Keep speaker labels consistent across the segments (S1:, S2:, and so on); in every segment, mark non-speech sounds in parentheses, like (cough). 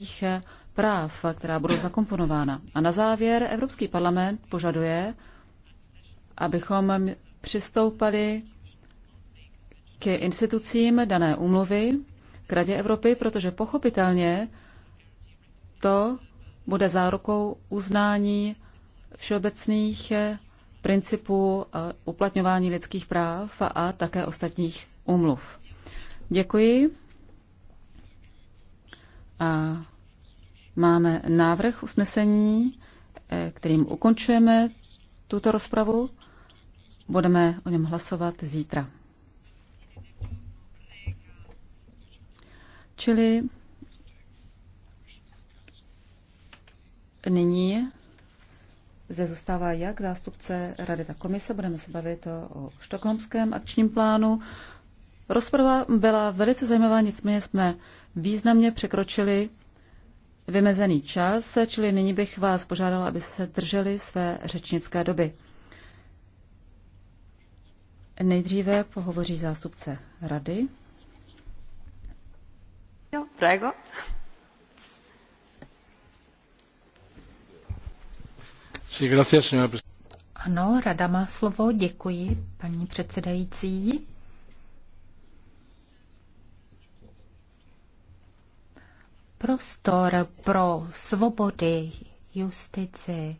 S1: lidských eh, práv, která budou zakomponována. A na závěr Evropský parlament požaduje, abychom přistoupali k institucím dané úmluvy k Radě Evropy, protože pochopitelně to bude zárukou uznání všeobecných eh, principů eh, uplatňování lidských práv a také ostatních úmluv. Děkuji. A máme návrh usnesení, eh, kterým ukončujeme tuto rozpravu. Budeme o něm hlasovat zítra. Čili nyní zde zůstává jak zástupce Rady, tak komise. Budeme se bavit o štokholmském akčním plánu. Rozprava byla velice zajímavá, nicméně jsme významně překročili vymezený čas, čili nyní bych vás požádala, aby se drželi své řečnické doby. Nejdříve pohovoří zástupce rady.
S2: Jo, prego.
S3: Ano, rada má slovo. Děkuji, paní předsedající. prostor pro svobody, justici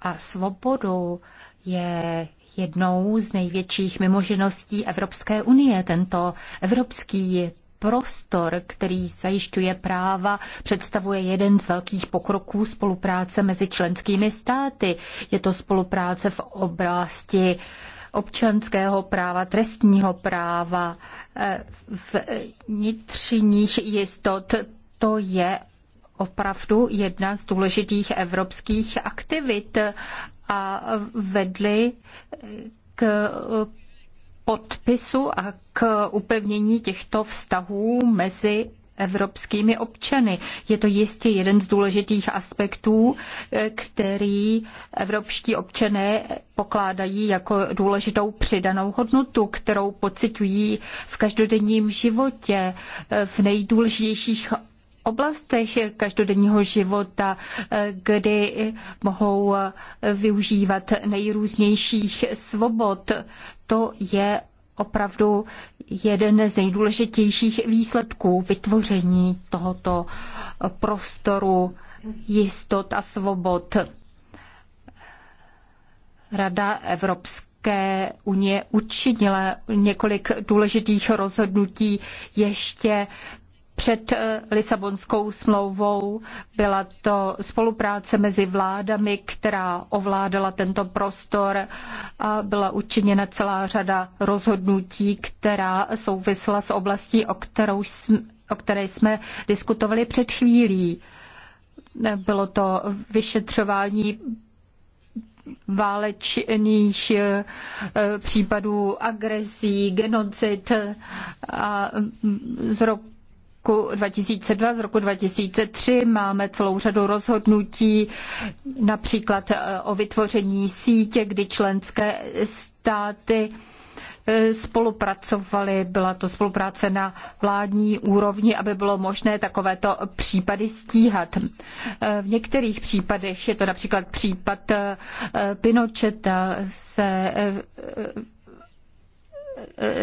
S3: a svobodu je jednou z největších mimožeností Evropské unie. Tento evropský prostor, který zajišťuje práva, představuje jeden z velkých pokroků spolupráce mezi členskými státy. Je to spolupráce v oblasti občanského práva, trestního práva, eh, vnitřních jistot, to je opravdu jedna z důležitých evropských aktivit a vedly k podpisu a k upevnění těchto vztahů mezi evropskými občany. Je to jistě jeden z důležitých aspektů, který evropští občané pokládají jako důležitou přidanou hodnotu, kterou pociťují v každodenním životě, v nejdůležitějších oblastech každodenního života, kdy mohou využívat nejrůznějších svobod. To je opravdu jeden z nejdůležitějších výsledků vytvoření tohoto prostoru jistot a svobod. Rada Evropské unie učinila několik důležitých rozhodnutí ještě před eh, Lisabonskou smlouvou. Byla to spolupráce mezi vládami, která ovládala tento prostor a byla učiněna celá řada rozhodnutí, která souvisla s oblastí, o, kterou jsme, o které jsme diskutovali před chvílí. Bylo to vyšetřování válečných eh, případů agresí, genocid a z roku roku 2002, z roku 2003. Máme celou řadu rozhodnutí, například eh, o vytvoření sítě, kdy členské státy eh, spolupracovali, byla to spolupráce na vládní úrovni, aby bylo možné takovéto případy stíhat. Eh, v některých případech, je to například případ Pinocheta, se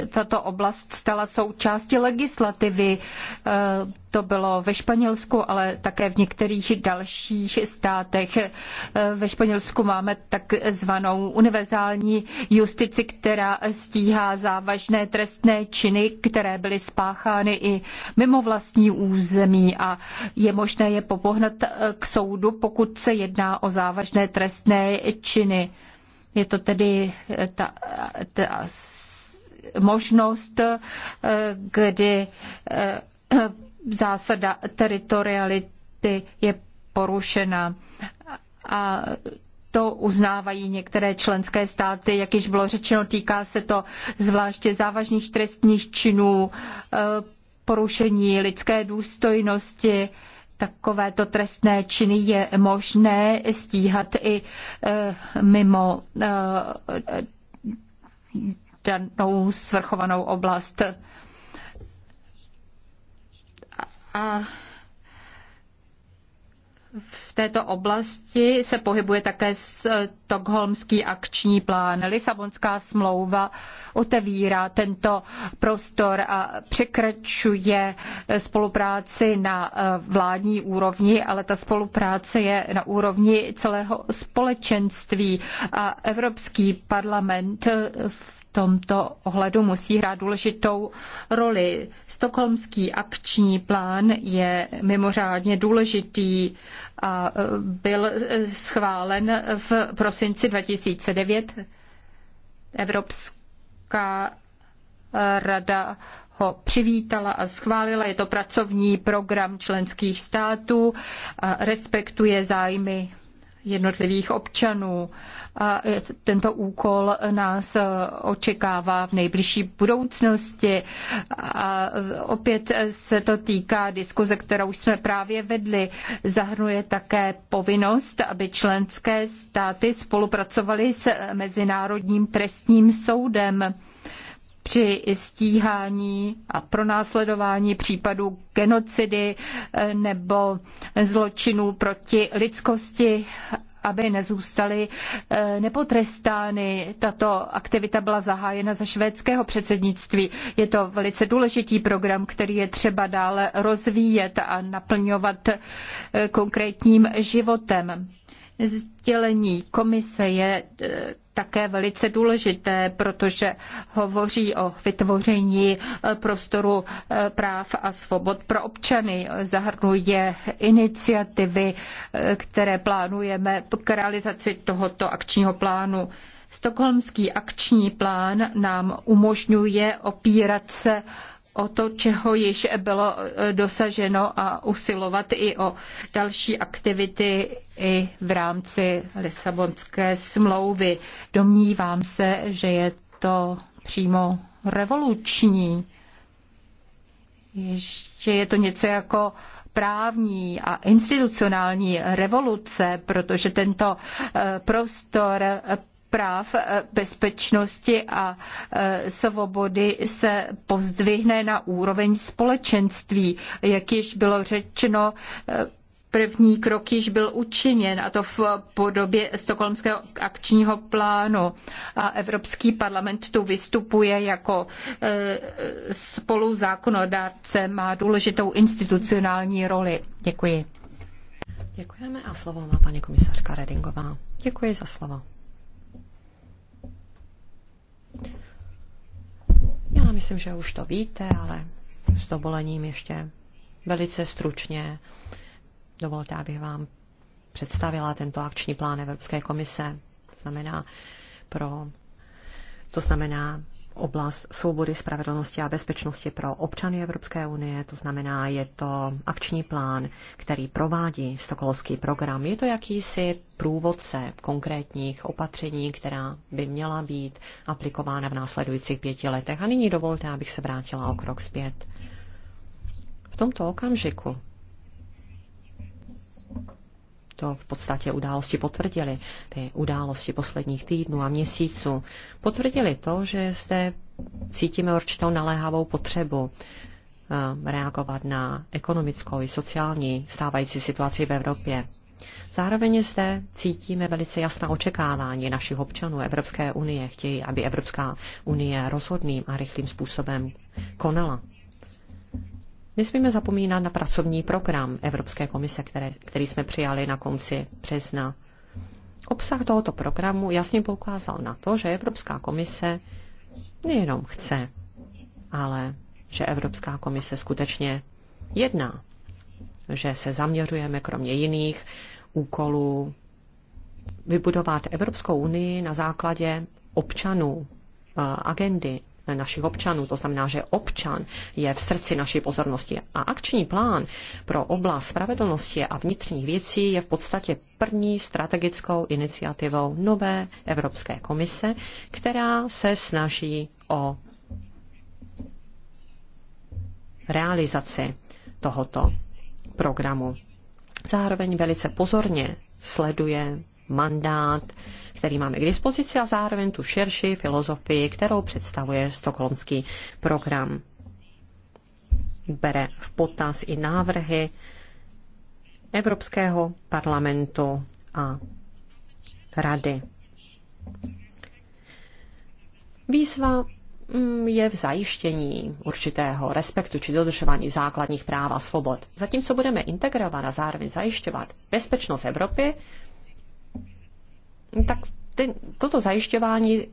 S3: tato oblast stala součástí legislativy. E, to bylo ve Španělsku, ale také v některých dalších státech. E, ve Španělsku máme takzvanou univerzální justici, která stíhá závažné trestné činy, které byly spáchány i mimo vlastní území a je možné je popohnat e, k soudu, pokud se jedná o závažné trestné činy. Je to tedy ta, ta možnost, eh, kdy eh, zásada teritoriality je porušena. A to uznávají některé členské státy. Jak již bylo řečeno, týká se to zvláště závažných trestních činů, eh, porušení lidské důstojnosti. Takovéto trestné činy je možné stíhat i mimo danou svrchovanou oblast. A v této oblasti se pohybuje také Stockholmský akční plán. Lisabonská smlouva otevírá tento prostor a překračuje spolupráci na eh, vládní úrovni, ale ta spolupráce je na úrovni celého společenství. A Evropský parlament v tomto ohledu musí hrát důležitou roli. Stokholmský akční plán je mimořádně důležitý a e, byl e, schválen v prosinci 2009. Evropská e, rada ho přivítala a schválila. Je to pracovní program členských států a respektuje zájmy jednotlivých občanů. A tento úkol nás očekává v nejbližší budoucnosti. A opět se to týká diskuze, kterou jsme právě vedli. Zahrnuje také povinnost, aby členské státy spolupracovaly s Mezinárodním trestním soudem při stíhání a pronásledování případů genocidy eh, nebo zločinů proti lidskosti aby nezůstaly eh, nepotrestány. Tato aktivita byla zahájena za švédského předsednictví. Je to velice důležitý program, který je třeba dále rozvíjet a naplňovat eh, konkrétním životem. Sdělení komise je také velice důležité, protože hovoří o vytvoření eh, prostoru eh, práv a svobod pro občany. Zahrnuje iniciativy, eh, které plánujeme k realizaci tohoto akčního plánu. Stokholmský akční plán nám umožňuje opírat se o to, čeho již bylo e, dosaženo a usilovat i o další aktivity i v rámci Lisabonské smlouvy. Domnívám se, že je to přímo revoluční, že je to něco jako právní a institucionální revoluce, protože tento e, prostor práv, eh, bezpečnosti a eh, svobody se pozdvihne na úroveň společenství. Jak již bylo řečeno, eh, První krok již byl učiněn, a to v podobě stokholmského akčního plánu. A Evropský parlament tu vystupuje jako spoluzákonodárce, má důležitou institucionální roli. Děkuji.
S2: Děkujeme a slovo má paní komisařka Redingová. Děkuji za slovo. Já myslím, že už to víte, ale s dovolením ještě velice stručně. Dovolte, abych vám představila tento akční plán Evropské komise. Znamená pro, to znamená oblast svobody, spravedlnosti a bezpečnosti pro občany Evropské unie, to znamená, je to akční plán, který provádí stokholský program. Je to jakýsi průvodce konkrétních opatření, která by měla být aplikována v následujících pěti letech. A nyní dovolte, abych se vrátila o krok zpět. V tomto okamžiku to v podstatě události potvrdili ty události posledních týdnů a měsíců, potvrdili to, že zde cítíme určitou naléhavou potřebu um, reagovat na ekonomickou i sociální stávající situaci v Evropě. Zároveň zde cítíme velice jasná očekávání našich občanů Evropské unie. Chtějí, aby Evropská unie rozhodným a rychlým způsobem konala Nesmíme zapomínat na pracovní program Evropské komise, které, který jsme přijali na konci března. Obsah tohoto programu jasně poukázal na to, že Evropská komise nejenom chce, ale že Evropská komise skutečně jedná, že se zaměřujeme kromě jiných úkolů vybudovat Evropskou unii na základě občanů, eh, agendy našich občanů. To znamená, že občan je v srdci naší pozornosti. A akční plán pro oblast spravedlnosti a vnitřních věcí je v podstatě první strategickou iniciativou nové Evropské komise, která se snaží o realizaci tohoto programu. Zároveň velice pozorně sleduje mandát který máme k dispozici a zároveň tu širší filozofii, kterou představuje stokholmský program. Bere v potaz i návrhy Evropského parlamentu a rady. Výzva mm, je v zajištění určitého respektu či dodržování základních práv a svobod. Zatímco budeme integrovat a zároveň zajišťovat bezpečnost Evropy, tak ten, toto zajišťování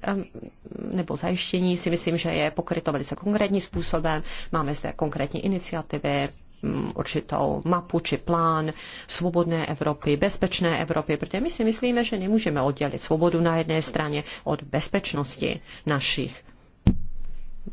S2: nebo zajištění si myslím, že je pokryto velice konkrétním způsobem. Máme zde konkrétní iniciativy, mm, určitou mapu či plán svobodné Evropy, bezpečné Evropy, protože my si myslíme, že nemůžeme oddělit svobodu na jedné straně od bezpečnosti našich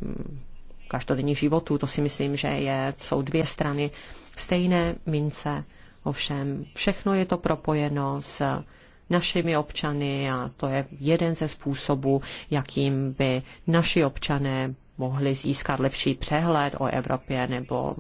S2: mm, každodenních životů. To si myslím, že je, jsou dvě strany stejné mince. Ovšem, všechno je to propojeno s našimi občany a to je jeden ze způsobů, jakým by naši občané mohli získat lepší přehled o Evropě nebo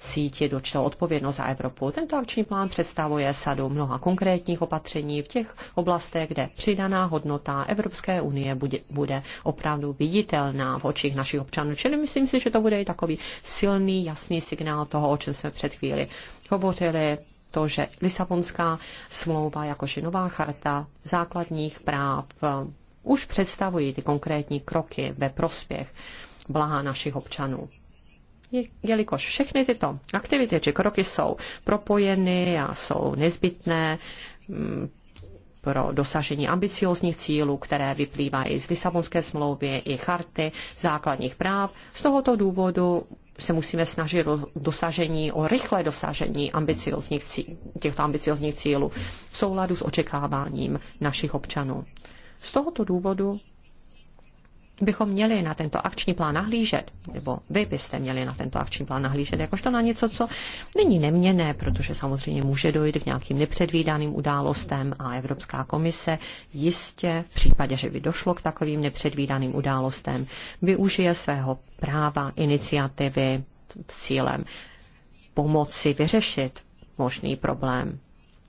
S2: sítě určitou odpovědnost za Evropu. Tento akční plán představuje sadu mnoha konkrétních opatření v těch oblastech, kde přidaná hodnota Evropské unie bude, bude opravdu viditelná v očích našich občanů. Čili myslím si, že to bude i takový silný, jasný signál toho, o čem jsme před chvíli hovořili, to, že Lisabonská smlouva, jakož i nová charta základních práv, eh, už představují ty konkrétní kroky ve prospěch blaha našich občanů. Jelikož všechny tyto aktivity či kroky jsou propojeny a jsou nezbytné mm, pro dosažení ambiciozních cílů, které vyplývají z Lisabonské smlouvy i charty základních práv. Z tohoto důvodu se musíme snažit o dosažení, o rychlé dosažení ambiciozních cíl, těchto ambiciozních cílů v souladu s očekáváním našich občanů. Z tohoto důvodu bychom měli na tento akční plán nahlížet, nebo vy byste měli na tento akční plán nahlížet, jakožto na něco, co není neměné, protože samozřejmě může dojít k nějakým nepředvídaným událostem a Evropská komise jistě v případě, že by došlo k takovým nepředvídaným událostem, využije svého práva iniciativy cílem pomoci vyřešit možný problém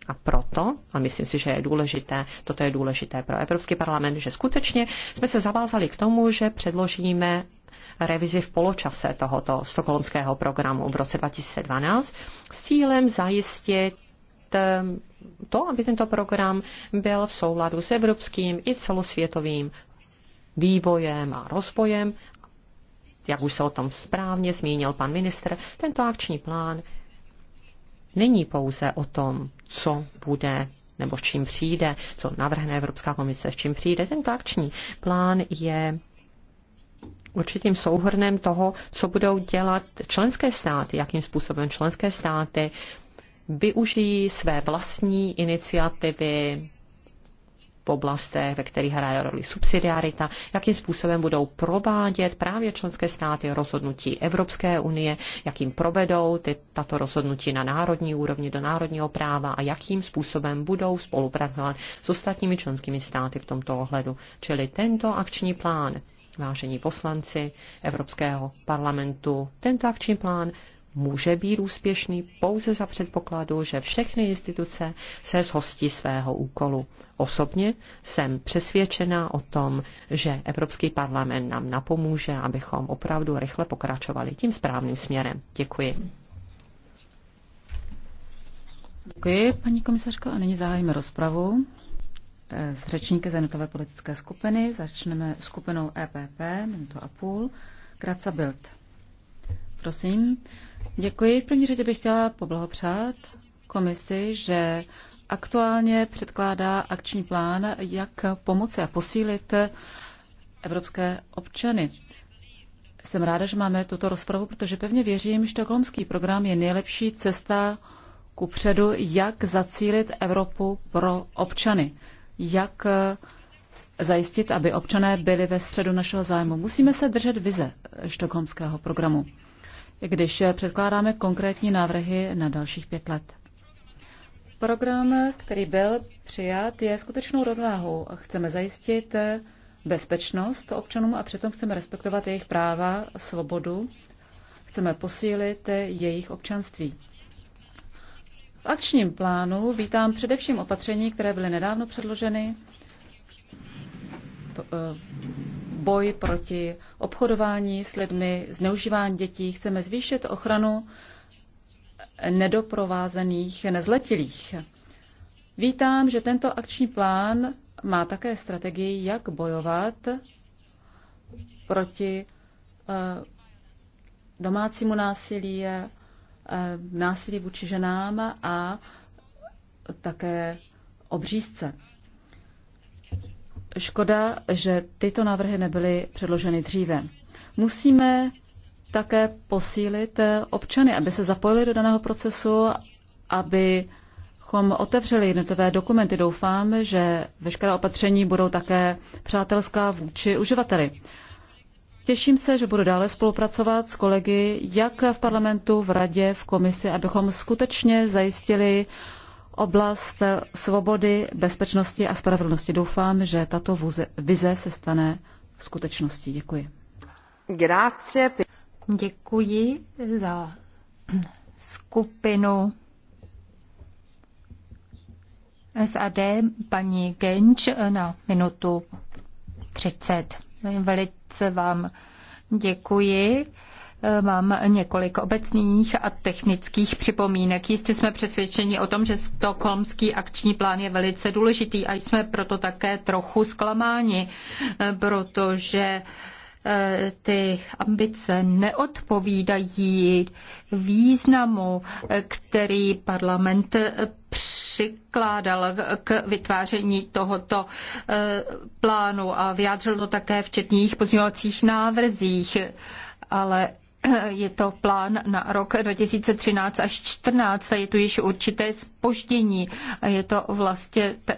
S2: a proto, a myslím si, že je důležité, toto je důležité pro Evropský parlament, že skutečně jsme se zavázali k tomu, že předložíme revizi v poločase tohoto stokholmského programu v roce 2012 s cílem zajistit ehm, to, aby tento program byl v souladu s evropským i celosvětovým vývojem a rozvojem. Jak už se o tom správně zmínil pan ministr, tento akční plán není pouze o tom, co bude nebo s čím přijde, co navrhne Evropská komise, s čím přijde. Tento akční plán je určitým souhrnem toho, co budou dělat členské státy, jakým způsobem členské státy využijí své vlastní iniciativy, oblastech, ve kterých hraje roli subsidiarita, jakým způsobem budou provádět právě členské státy rozhodnutí Evropské unie, jakým provedou ty, tato rozhodnutí na národní úrovni do národního práva a jakým způsobem budou spolupracovat s ostatními členskými státy v tomto ohledu. Čili tento akční plán vážení poslanci Evropského parlamentu. Tento akční plán může být úspěšný pouze za předpokladu, že všechny instituce se zhostí svého úkolu. Osobně jsem přesvědčena o tom, že Evropský parlament nám napomůže, abychom opravdu rychle pokračovali tím správným směrem. Děkuji.
S1: Děkuji, paní komisařko, a nyní zahájíme rozpravu eh, s řečníky zenotové politické skupiny. Začneme skupinou EPP, minutu a půl. Kratza Bild. Prosím. Děkuji. V první řadě bych chtěla poblahopřát komisi, že aktuálně předkládá akční plán, jak pomoci a posílit evropské občany. Jsem ráda, že máme tuto rozpravu, protože pevně věřím, že štokholmský program je nejlepší cesta ku předu, jak zacílit Evropu pro občany, jak zajistit, aby občané byli ve středu našeho zájmu. Musíme se držet vize štokholmského programu když předkládáme konkrétní návrhy na dalších pět let. Program, který byl přijat, je skutečnou rovnováhou. Chceme zajistit bezpečnost občanům a přitom chceme respektovat jejich práva, svobodu. Chceme posílit jejich občanství. V akčním plánu vítám především opatření, které byly nedávno předloženy boj proti obchodování s lidmi, zneužívání dětí. Chceme zvýšit ochranu nedoprovázených nezletilých. Vítám, že tento akční plán má také strategii, jak bojovat proti eh, domácímu násilí, eh, násilí vůči ženám a také obřízce. Škoda, že tyto návrhy nebyly předloženy dříve. Musíme také posílit občany, aby se zapojili do daného procesu, abychom otevřeli jednotlivé dokumenty. Doufám, že veškerá opatření budou také přátelská vůči uživateli. Těším se, že budu dále spolupracovat s kolegy jak v parlamentu, v radě, v komisi, abychom skutečně zajistili oblast svobody, bezpečnosti a spravedlnosti. Doufám, že tato vize, se stane skutečností. Děkuji.
S3: Grazie. Děkuji za skupinu SAD paní Genč na minutu 30. Velice vám děkuji. Mám několik obecných a technických připomínek. Jistě jsme přesvědčeni o tom, že stokholmský akční plán je velice důležitý a jsme proto také trochu zklamáni, protože eh, ty ambice neodpovídají významu, který parlament přikládal k vytváření tohoto eh, plánu a vyjádřil to také v četných pozměňovacích návrzích. Ale je to plán na rok 2013 až 2014 je tu již určité spoždění. Je to vlastně eh,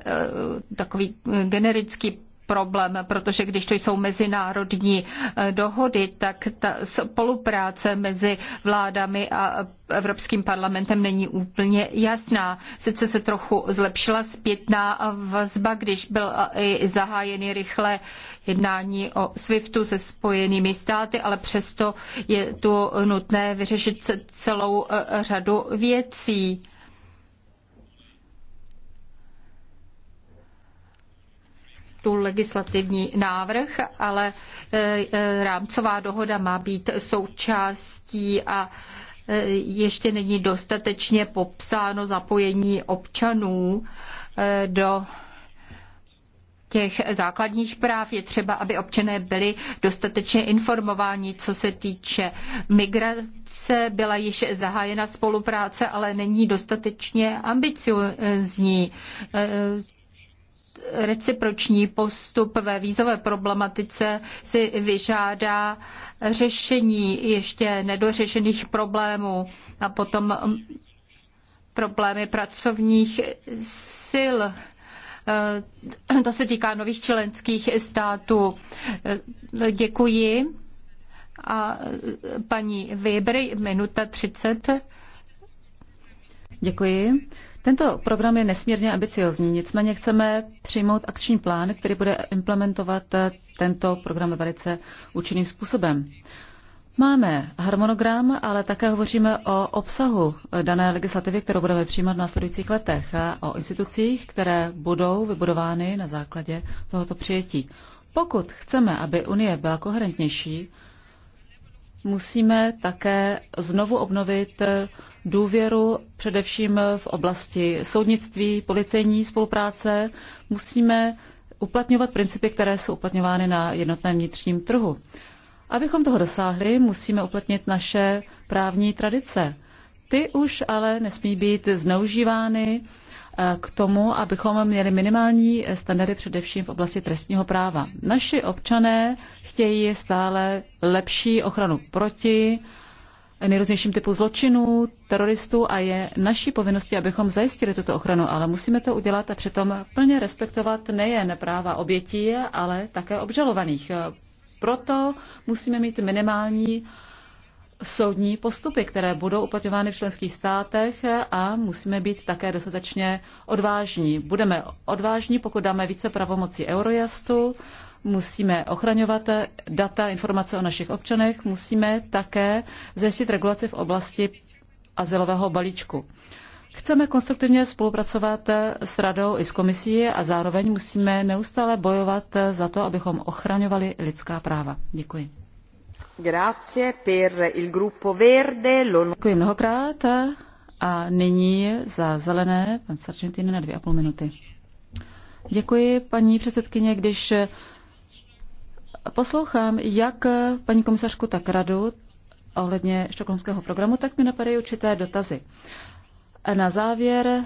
S3: takový generický problém, protože když to jsou mezinárodní eh, dohody, tak ta spolupráce mezi vládami a Evropským parlamentem není úplně jasná. Sice se trochu zlepšila zpětná vazba, když byl eh, i zahájený rychle jednání o SWIFTu se spojenými státy, ale přesto je tu nutné vyřešit celou eh, řadu věcí. tu legislativní návrh, ale e, e, rámcová dohoda má být součástí a e, ještě není dostatečně popsáno zapojení občanů do těch základních práv je třeba, aby občané byli dostatečně informováni, co se týče migrace. Byla již zahájena spolupráce, ale není dostatečně ambiciozní reciproční postup ve vízové problematice si vyžádá řešení ještě nedořešených problémů a potom mm, problémy pracovních sil. Eh, to se týká nových členských států. Eh, děkuji. A eh, paní Weber, minuta 30. Děkuji. Tento
S1: program je nesmírně ambiciozní, nicméně chceme přijmout akční plán, který bude implementovat tento program velice účinným způsobem. Máme harmonogram, ale také hovoříme o obsahu dané legislativy, kterou budeme přijímat v následujících letech a o institucích, které budou vybudovány na základě tohoto přijetí. Pokud chceme, aby Unie byla koherentnější, musíme také znovu obnovit důvěru, především v oblasti soudnictví, policejní spolupráce, musíme uplatňovat principy, které jsou uplatňovány na jednotném vnitřním trhu. Abychom toho dosáhli, musíme uplatnit naše právní tradice. Ty už ale nesmí být zneužívány eh, k tomu, abychom měli minimální standardy především v oblasti trestního práva. Naši občané chtějí stále lepší ochranu proti nejrůznějším typu zločinů, teroristů a je naší povinností, abychom zajistili tuto ochranu, ale musíme to udělat a přitom plně respektovat nejen práva obětí, ale také obžalovaných. Proto musíme mít minimální soudní postupy, které budou uplatňovány v členských státech a musíme být také dostatečně odvážní. Budeme odvážní, pokud dáme více pravomocí Eurojastu, musíme ochraňovat data, informace o našich občanech, musíme také zajistit regulaci v oblasti azylového balíčku. Chceme konstruktivně spolupracovat s radou i s komisí a zároveň musíme neustále bojovat za to, abychom ochraňovali lidská práva. Děkuji.
S3: Grazie per il gruppo verde. Děkuji mnohokrát
S1: a nyní za zelené pan Sargentini na dvě a půl minuty. Děkuji, paní předsedkyně. Když poslouchám jak paní komisařku, tak radu ohledně štokholmského programu, tak mi napadají určité dotazy. Na závěr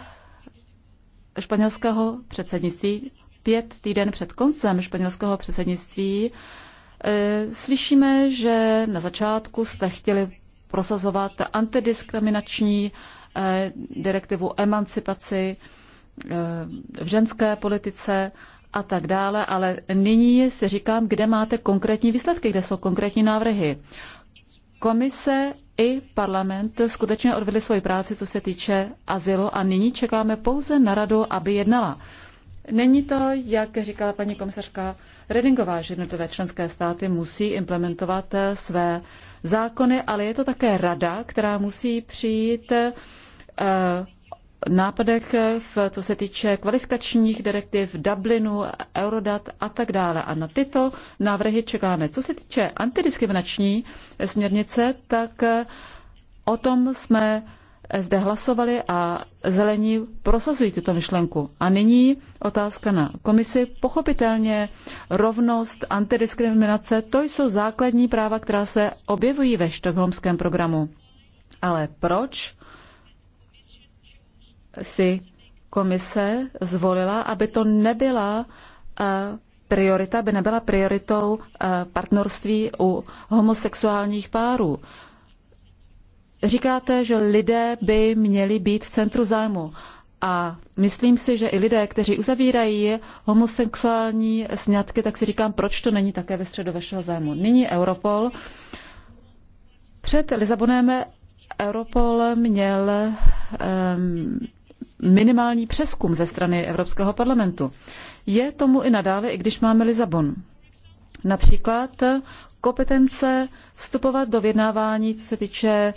S1: španělského předsednictví, pět týden před koncem španělského předsednictví, e, slyšíme, že na začátku jste chtěli prosazovat antidiskriminační e, direktivu emancipaci e, v ženské politice a tak dále, ale nyní si říkám, kde máte konkrétní výsledky, kde jsou konkrétní návrhy. Komise i parlament skutečně odvedli svoji práci, co se týče azylu a nyní čekáme pouze na radu, aby jednala. Není to, jak říkala paní komisařka Redingová, že jednotlivé členské státy musí implementovat eh, své zákony, ale je to také rada, která musí přijít eh, nápadech, eh, co se týče kvalifikačních direktiv, Dublinu, Eurodat a tak dále. A na tyto návrhy čekáme. Co se týče antidiskriminační směrnice, tak eh, o tom jsme zde hlasovali a zelení prosazují tuto myšlenku. A nyní otázka na komisi. Pochopitelně rovnost, antidiskriminace, to jsou základní práva, která se objevují ve štokholmském programu. Ale proč si komise zvolila, aby to nebyla eh, priorita, aby nebyla prioritou eh, partnerství u homosexuálních párů. Říkáte, že lidé by měli být v centru zájmu. A myslím si, že i lidé, kteří uzavírají homosexuální sňatky, tak si říkám, proč to není také ve středu vašeho zájmu. Nyní Europol. Před Lisabonem Europol měl um, minimální přeskum ze strany Evropského parlamentu. Je tomu i nadále, i když máme Lizabon. Například kompetence vstupovat do vyjednávání, co se týče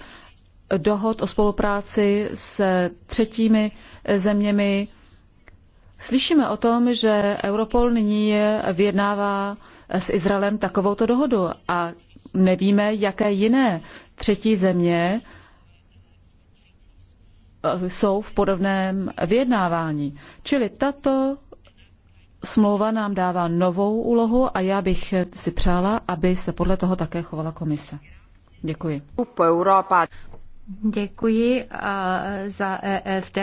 S1: dohod o spolupráci s třetími zeměmi. Slyšíme o tom, že Europol nyní vyjednává s Izraelem takovouto dohodu a nevíme, jaké jiné třetí země Eh, jsou v podobném vyjednávání. Čili tato smlouva nám dává novou úlohu a já bych si přála, aby se podle toho také chovala komise. Děkuji.
S3: Děkuji a eh, za EFD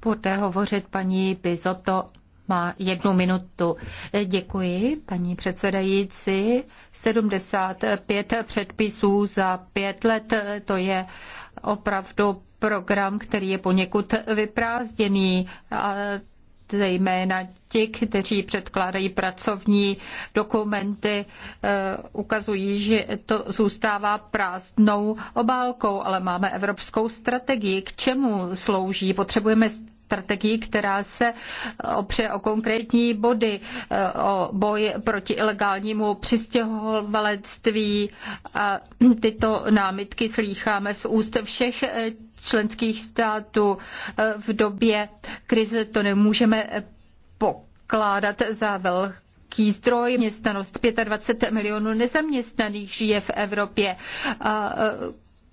S3: Poté hovořit paní Pizoto má jednu minutu. Děkuji, paní předsedající. 75 předpisů za pět let, to je opravdu program, který je poněkud vyprázdněný. A zejména ti, kteří předkládají pracovní dokumenty, e, ukazují, že to zůstává prázdnou obálkou, ale máme evropskou strategii. K čemu slouží? Potřebujeme strategii, která se opře o konkrétní body, e, o boj proti ilegálnímu přistěhovalectví. A tyto námitky slýcháme z úst všech e, členských států e, v době krize. To nemůžeme pokládat za velké velký zdroj Městnost 25 milionů nezaměstnaných žije v Evropě. A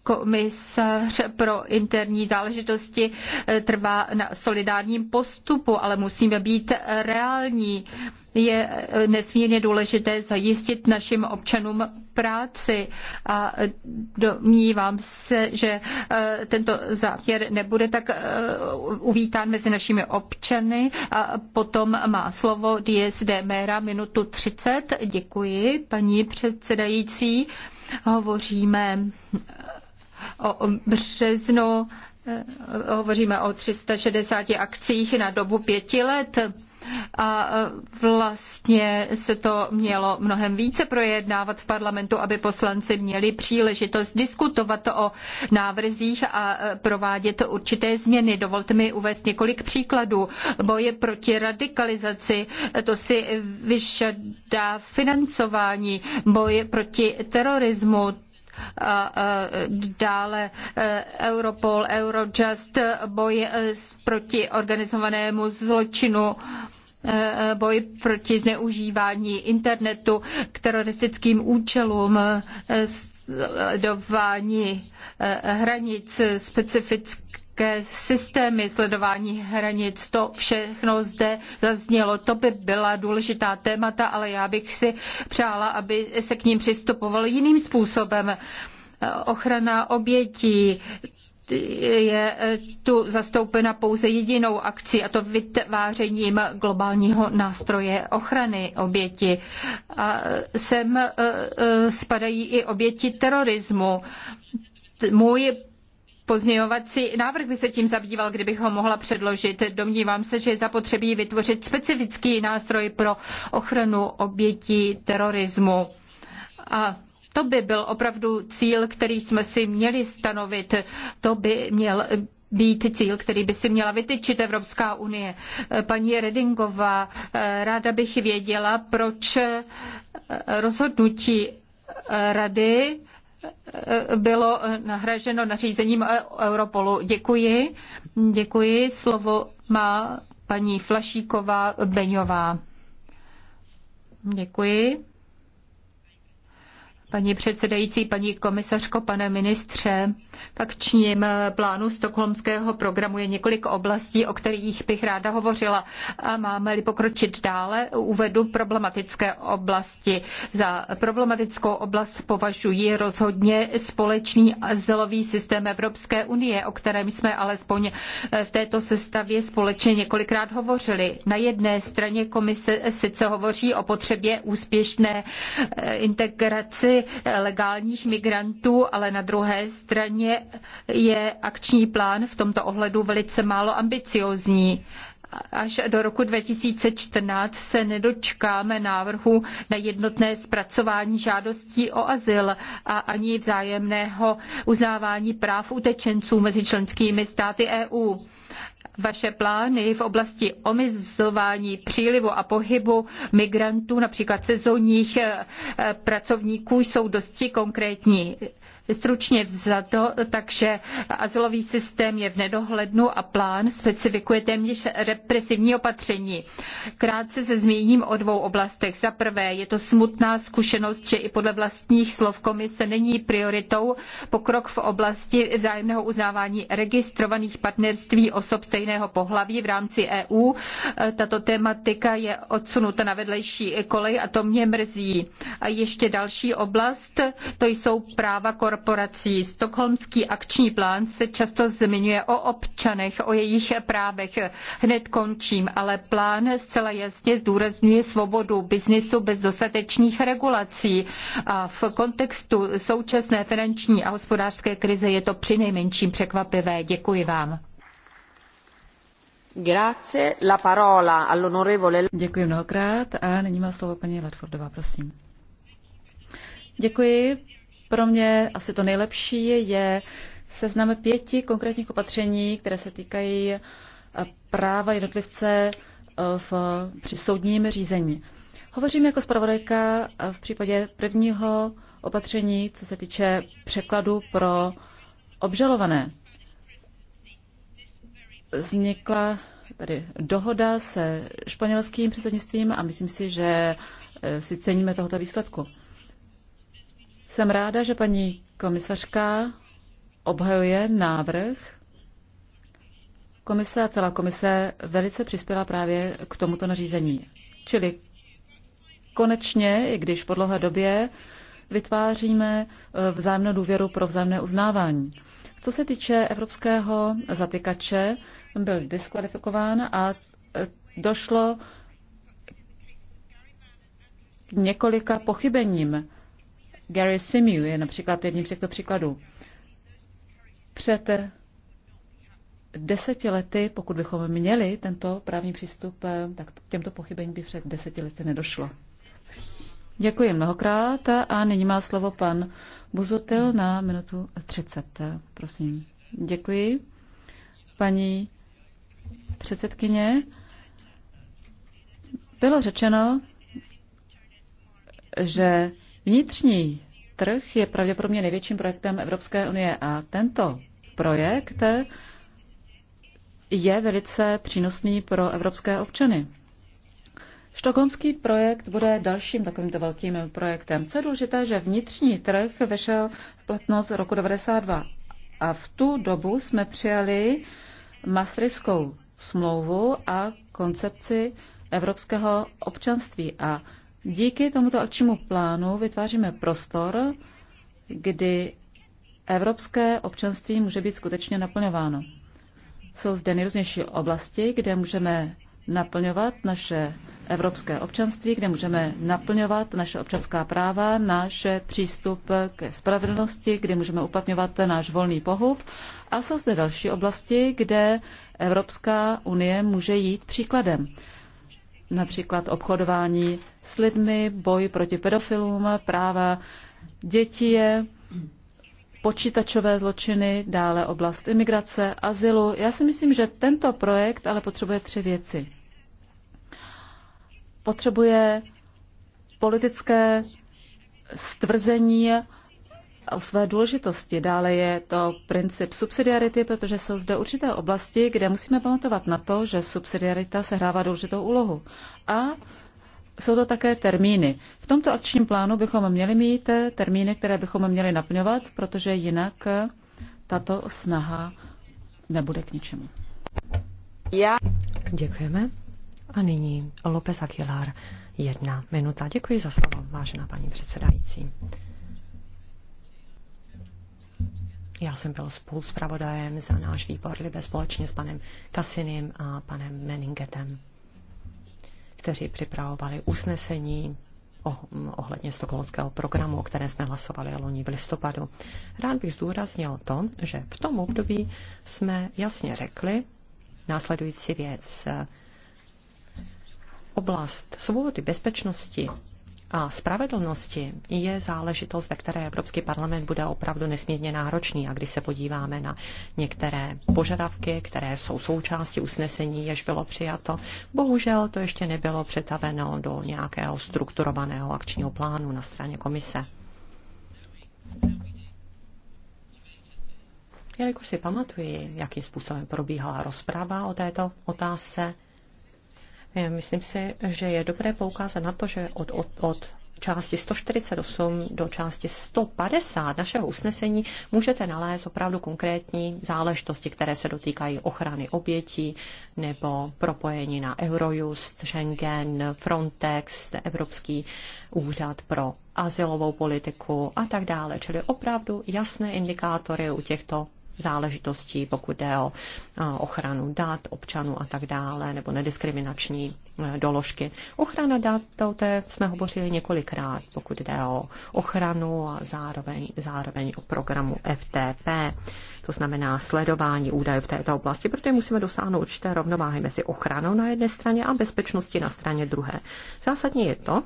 S3: komisař pro interní záležitosti eh, trvá na solidárním postupu, ale musíme být reální. Je eh, nesmírně důležité zajistit našim občanům práci a domnívám se, že eh, tento záměr nebude tak uvítán mezi našimi občany. A potom má slovo Dies de Mera minutu 30. Děkuji, paní předsedající. Hovoříme o březnu eh, hovoříme o 360 akcích na dobu pěti let a eh, vlastně se to mělo mnohem více projednávat v parlamentu, aby poslanci měli příležitost diskutovat o návrzích a eh, provádět určité změny. Dovolte mi uvést několik příkladů. Boje proti radikalizaci, to si vyžadá financování, boje proti terorismu, a dále e, Europol, Eurojust, boj e, proti organizovanému zločinu, e, boj proti zneužívání internetu k teroristickým účelům, sledování hranic specifických evropské systémy sledování hranic. To všechno zde zaznělo. To by byla důležitá témata, ale já bych si přála, aby se k ním přistupovalo jiným způsobem. Ochrana obětí, je tu zastoupena pouze jedinou akcí, a to vytvářením globálního nástroje ochrany oběti. A sem eh, eh, spadají i oběti terorismu. Můj pozměňovací návrh by se tím zabýval, kdybych ho mohla předložit. Domnívám se, že je zapotřebí vytvořit specifický nástroj pro ochranu obětí terorismu. A to by byl opravdu cíl, který jsme si měli stanovit. To by měl být cíl, který by si měla vytyčit Evropská unie. Paní Redingová, ráda bych věděla, proč rozhodnutí rady bylo nahraženo nařízením Europolu. Děkuji. Děkuji. Slovo má paní Flašíková Beňová. Děkuji. Paní předsedající, paní komisařko, pane ministře, v akčním plánu stokholmského programu je několik oblastí, o kterých bych ráda hovořila. A máme-li pokročit dále, uvedu problematické oblasti. Za problematickou oblast považuji rozhodně společný azylový systém Evropské unie, o kterém jsme alespoň v této sestavě společně několikrát hovořili. Na jedné straně komise sice hovoří o potřebě úspěšné integraci legálních migrantů, ale na druhé straně je akční plán v tomto ohledu velice málo ambiciózní až do roku 2014 se nedočkáme návrhu na jednotné zpracování žádostí o azyl a ani vzájemného uznávání práv utečenců mezi členskými státy EU vaše plány v oblasti omezování přílivu a pohybu migrantů, například sezónních eh, pracovníků, jsou dosti konkrétní stručně vzato, takže azylový systém je v nedohlednu a plán specifikuje téměř represivní opatření. Krátce se zmíním o dvou oblastech. Za prvé je to smutná zkušenost, že i podle vlastních slov komise není prioritou pokrok v oblasti vzájemného uznávání registrovaných partnerství osob stejného pohlaví v rámci EU. Tato tematika je odsunuta na vedlejší kolej a to mě mrzí. A ještě další oblast, to jsou práva korporativní korporací. Stockholmský akční plán se často zmiňuje o občanech, o jejich právech. Hned končím, ale plán zcela jasně zdůrazňuje svobodu biznisu bez dostatečných regulací. A v kontextu současné finanční a hospodářské krize je to přinejmenším překvapivé. Děkuji vám.
S1: Grazie, la parola all'onorevole... Děkuji mnohokrát a nyní má slovo paní Ledfordová, prosím. Děkuji, pro mě asi to nejlepší je seznam pěti konkrétních opatření, které se týkají eh, práva jednotlivce eh, v, při soudním řízení. Hovořím jako zpravodajka eh, v případě prvního opatření, co se týče překladu pro obžalované. Vznikla tady dohoda se španělským předsednictvím a myslím si, že si ceníme tohoto výsledku. Jsem ráda, že paní komisařka obhajuje návrh. Komise a celá komise velice přispěla právě k tomuto nařízení. Čili konečně, i když po dlouhé době, vytváříme eh, vzájemnou důvěru pro vzájemné uznávání. Co se týče evropského zatykače, byl diskvalifikován a eh, došlo několika pochybením. Gary Simiu je například jedním z těchto příkladů. Před deseti lety, pokud bychom měli tento právní přístup, eh, tak těmto pochybení by před deseti lety nedošlo. Děkuji mnohokrát a nyní má slovo pan Buzotil na minutu 30. Prosím. Děkuji. Paní předsedkyně, bylo řečeno, že Vnitřní trh je pravděpodobně největším projektem Evropské unie a tento projekt je velice přínosný pro evropské občany. Štokholmský projekt bude dalším takovýmto velkým projektem. Co je důležité, že vnitřní trh vešel v platnost roku 1992 a v tu dobu jsme přijali Maastrichtskou smlouvu a koncepci evropského občanství a Díky tomuto akčnímu plánu vytváříme prostor, kdy evropské občanství může být skutečně naplňováno. Jsou zde nejrůznější oblasti, kde můžeme naplňovat naše evropské občanství, kde můžeme naplňovat naše občanská práva, náš přístup ke spravedlnosti, kde můžeme uplatňovat náš volný pohyb. A jsou zde další oblasti, kde Evropská unie může jít příkladem například obchodování s lidmi, boj proti pedofilům, práva dětí, počítačové zločiny, dále oblast imigrace, azylu. Já si myslím, že tento projekt ale potřebuje tři věci. Potřebuje politické stvrzení o své důležitosti. Dále je to princip subsidiarity, protože jsou zde určité oblasti, kde musíme pamatovat na to, že subsidiarita sehrává důležitou úlohu. A jsou to také termíny. V tomto akčním plánu bychom měli mít termíny, které bychom měli naplňovat, protože
S2: jinak tato snaha nebude k ničemu. Já. Děkujeme. A nyní López Aguilar. Jedna minuta. Děkuji za slovo, vážená paní předsedající. Já jsem byl spoluzpravodajem za náš výbor Libe společně s panem Kasinem a panem Meningetem, kteří připravovali usnesení ohledně stokholmského programu, o kterém jsme hlasovali loni v listopadu. Rád bych zdůraznil to, že v tom období jsme jasně řekli následující věc. Oblast svobody, bezpečnosti a spravedlnosti je záležitost, ve které Evropský parlament bude opravdu nesmírně náročný. A když se podíváme na některé požadavky, které jsou součástí usnesení, jež bylo přijato, bohužel to ještě nebylo přetaveno do nějakého strukturovaného akčního plánu na straně komise. Jelikož si pamatuji, jakým způsobem probíhala rozprava o této otázce, Eh, myslím si, že je dobré poukázat na to, že od, od, od části 148 do části 150 našeho usnesení můžete nalézt opravdu konkrétní záležitosti, které se dotýkají ochrany obětí nebo propojení na Eurojust, Schengen, Frontex, Evropský úřad pro azylovou politiku a tak dále. Čili opravdu jasné indikátory u těchto záležitostí, pokud jde o ochranu dat občanů a tak dále, nebo nediskriminační e, doložky. Ochrana dat, to, to jsme hovořili několikrát, pokud jde o ochranu a zároveň, zároveň o programu FTP, to znamená sledování údajů v této oblasti, protože musíme dosáhnout určité rovnováhy mezi ochranou na jedné straně a bezpečností na straně druhé. Zásadní je to,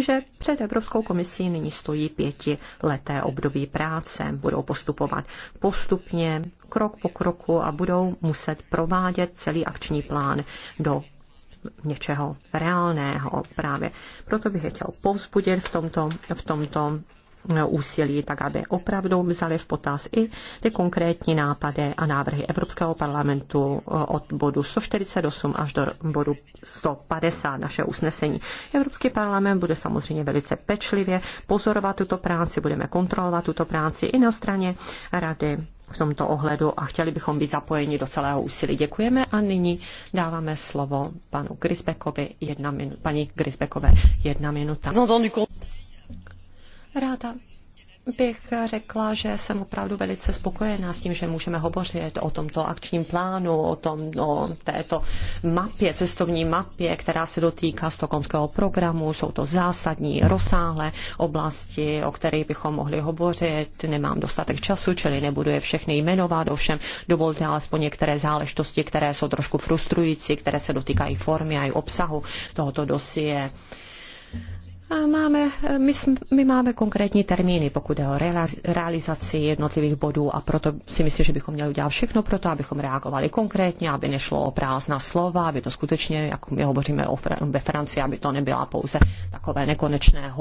S2: že před Evropskou komisí nyní stojí pětileté období práce. Budou postupovat postupně, krok po kroku a budou muset provádět celý akční plán do něčeho reálného právě. Proto bych je chtěl povzbudit v tomto, v tomto úsilí, tak aby opravdu vzali v potaz i ty konkrétní nápady a návrhy Evropského parlamentu eh, od bodu 148 až do bodu 150 naše usnesení. Evropský parlament bude samozřejmě velice pečlivě pozorovat tuto práci, budeme kontrolovat tuto práci i na straně rady v tomto ohledu a chtěli bychom být zapojeni do celého úsilí. Děkujeme a nyní dáváme slovo panu Grisbekovi, jedna minu, paní Grisbekové, jedna minuta. Ráda bych řekla, že jsem opravdu velice spokojená s tím, že můžeme hovořit o tomto akčním plánu, o, tom, o této mapě, cestovní mapě, která se dotýká stokholmského programu. Jsou to zásadní, rozsáhlé oblasti, o kterých bychom mohli hovořit. Nemám dostatek času, čili nebudu je všechny jmenovat. Ovšem, dovolte alespoň některé záležitosti, které jsou trošku frustrující, které se dotýkají formy a i obsahu tohoto dosie. Uh, Máme, my, my máme konkrétní termíny, pokud je o realizaci jednotlivých bodů a proto si myslím, že bychom měli udělat všechno pro to, abychom reagovali konkrétně, aby nešlo o prázdná slova, aby to skutečně, jak my hovoříme o, ve Francii, aby to nebyla pouze takové nekonečné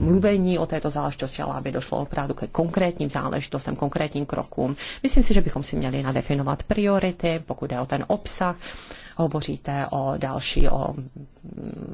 S2: mluvení o této záležitosti, ale aby došlo opravdu ke konkrétním záležitostem, konkrétním krokům. Myslím si, že bychom si měli nadefinovat priority, pokud je o ten obsah Hovoříte o další, o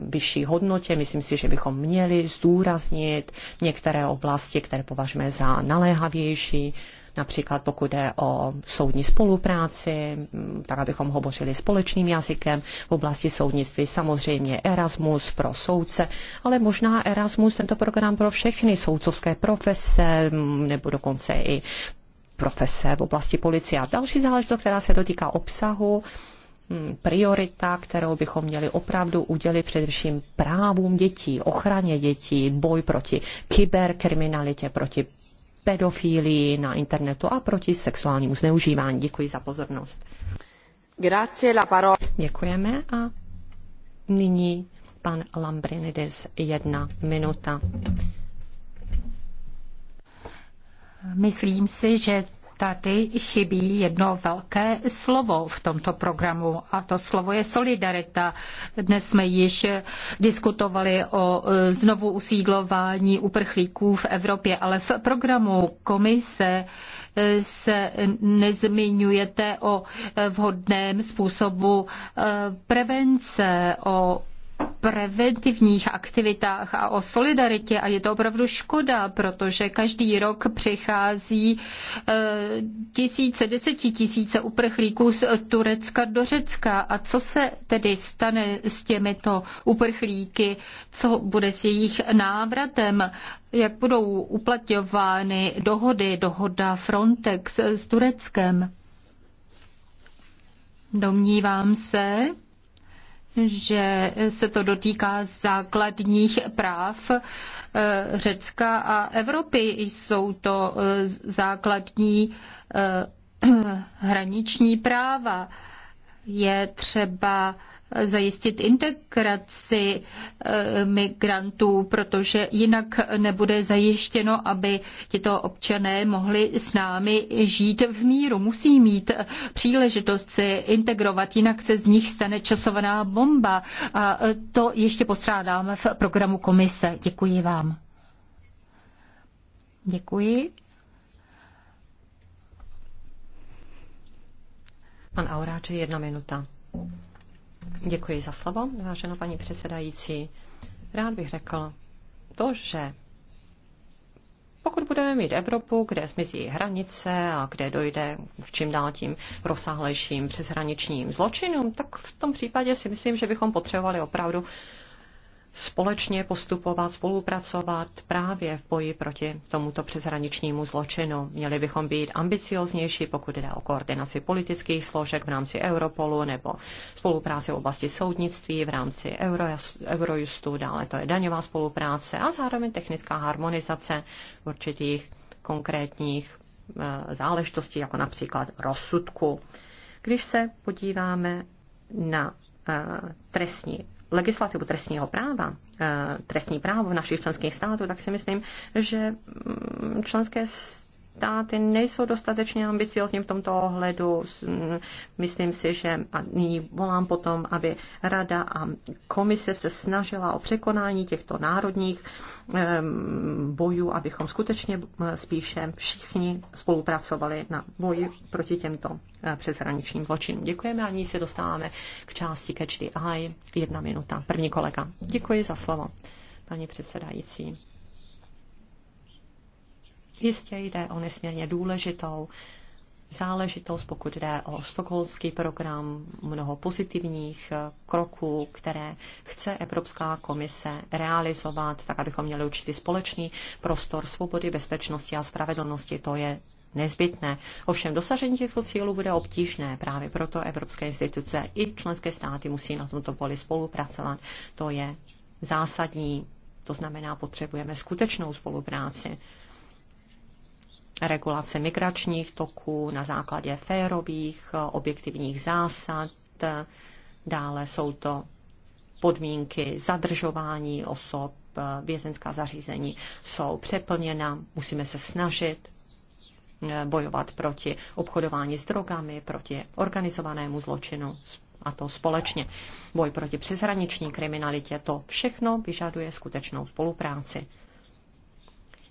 S2: vyšší hodnotě. Myslím si, že bychom měli zdůraznit některé oblasti, které považujeme za naléhavější například pokud jde o soudní spolupráci, tak abychom hovořili společným jazykem v oblasti soudnictví, samozřejmě Erasmus pro soudce, ale možná Erasmus, tento program pro všechny soudcovské profese, nebo dokonce i profese v oblasti policie. A další záležitost, která se dotýká obsahu, Mm, priorita, kterou bychom měli opravdu udělit především právům dětí, ochraně dětí, boj proti kyberkriminalitě, proti pedofílii na internetu a proti sexuálnímu zneužívání. Děkuji za pozornost. Grazie la parola. Děkujeme a nyní pan Lambrinidis jedna minuta. Myslím
S3: si, že tady chybí jedno velké slovo v tomto programu a to slovo je solidarita. Dnes jsme již diskutovali o e, znovu usídlování uprchlíků v Evropě, ale v programu komise e, se nezmiňujete o e, vhodném způsobu prevence, o preventivních aktivitách a o solidaritě a je to opravdu škoda, protože každý rok přichází eh, tisíce, desetitisíce uprchlíků z Turecka do Řecka. A co se tedy stane s těmito uprchlíky? Co bude s jejich návratem? Jak budou uplatňovány dohody, dohoda Frontex s Tureckem? Domnívám se, že se to dotýká základních práv eh, Řecka a Evropy. Jsou to eh, základní eh, (clears throat) hraniční práva. Je třeba zajistit integraci eh, migrantů, protože jinak nebude zajištěno, aby tito občané mohli s námi žít v míru. Musí mít příležitost se integrovat, jinak se z nich stane časovaná bomba. A eh, to ještě postrádáme v programu komise. Děkuji vám. Děkuji.
S2: Pan Auráč, jedna minuta. Děkuji za slovo, vážená paní předsedající. Rád bych řekl to, že pokud budeme mít Evropu, kde zmizí hranice a kde dojde k čím dál tím rozsáhlejším přeshraničním zločinům, tak v tom případě si myslím, že bychom potřebovali opravdu společně postupovat, spolupracovat právě v boji proti tomuto přeshraničnímu zločinu. Měli bychom být ambicioznější, pokud jde o koordinaci politických složek v rámci Europolu nebo spolupráci v oblasti soudnictví v rámci Eurojustu, dále to je daňová spolupráce a zároveň technická harmonizace určitých konkrétních e, záležitostí, jako například rozsudku. Když se podíváme na e, trestní legislativu trestního práva, eh, trestní právo v našich členských států, tak si myslím, že mm, členské státy státy nejsou dostatečně ambiciozní v tomto ohledu. Myslím si, že a nyní volám potom, aby Rada a komise se snažila o překonání těchto národních bojů, abychom skutečně spíše všichni spolupracovali na boji proti těmto e, přeshraničním zločinům. Děkujeme a nyní se dostáváme k části Catch the Eye. Jedna minuta. První kolega. Děkuji za slovo, paní předsedající. Jistě jde o nesmírně důležitou záležitost, pokud jde o stokholmský program, mnoho pozitivních eh, kroků, které chce Evropská komise realizovat, tak abychom měli určitý společný prostor svobody, bezpečnosti a spravedlnosti. To je nezbytné. Ovšem dosažení těchto cílů bude obtížné. Právě proto evropské instituce i členské státy musí na tomto poli spolupracovat. To je zásadní. To znamená, potřebujeme skutečnou spolupráci regulace migračních toků na základě férových, objektivních zásad. Dále jsou to podmínky zadržování osob, vězenská zařízení jsou přeplněna, musíme se snažit eh, bojovat proti obchodování s drogami, proti organizovanému zločinu a to společně. Boj proti přeshraniční kriminalitě, to všechno vyžaduje skutečnou spolupráci.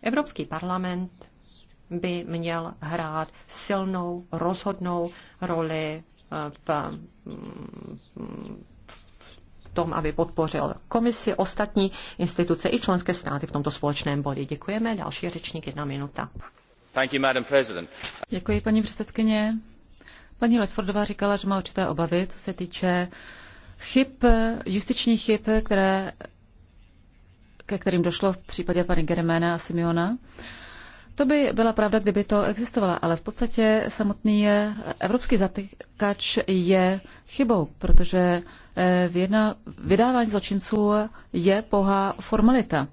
S2: Evropský parlament by měl hrát silnou, rozhodnou roli eh, v, tom, aby podpořil komisi, ostatní instituce i členské státy v tomto společném bodě. Děkujeme. Další řečník, jedna minuta.
S3: Thank you, Madam President.
S2: Děkuji, paní předsedkyně. Paní Ledfordová říkala, že má určité obavy, co se
S1: týče chyb, justičních chyb, které, ke kterým došlo v případě paní Germana a Simeona. Uh, to by byla pravda, kdyby to existovala, ale v podstatě samotný evropský zatykač je chybou, protože eh, vědna, vydávání zločinců je pohá formalita.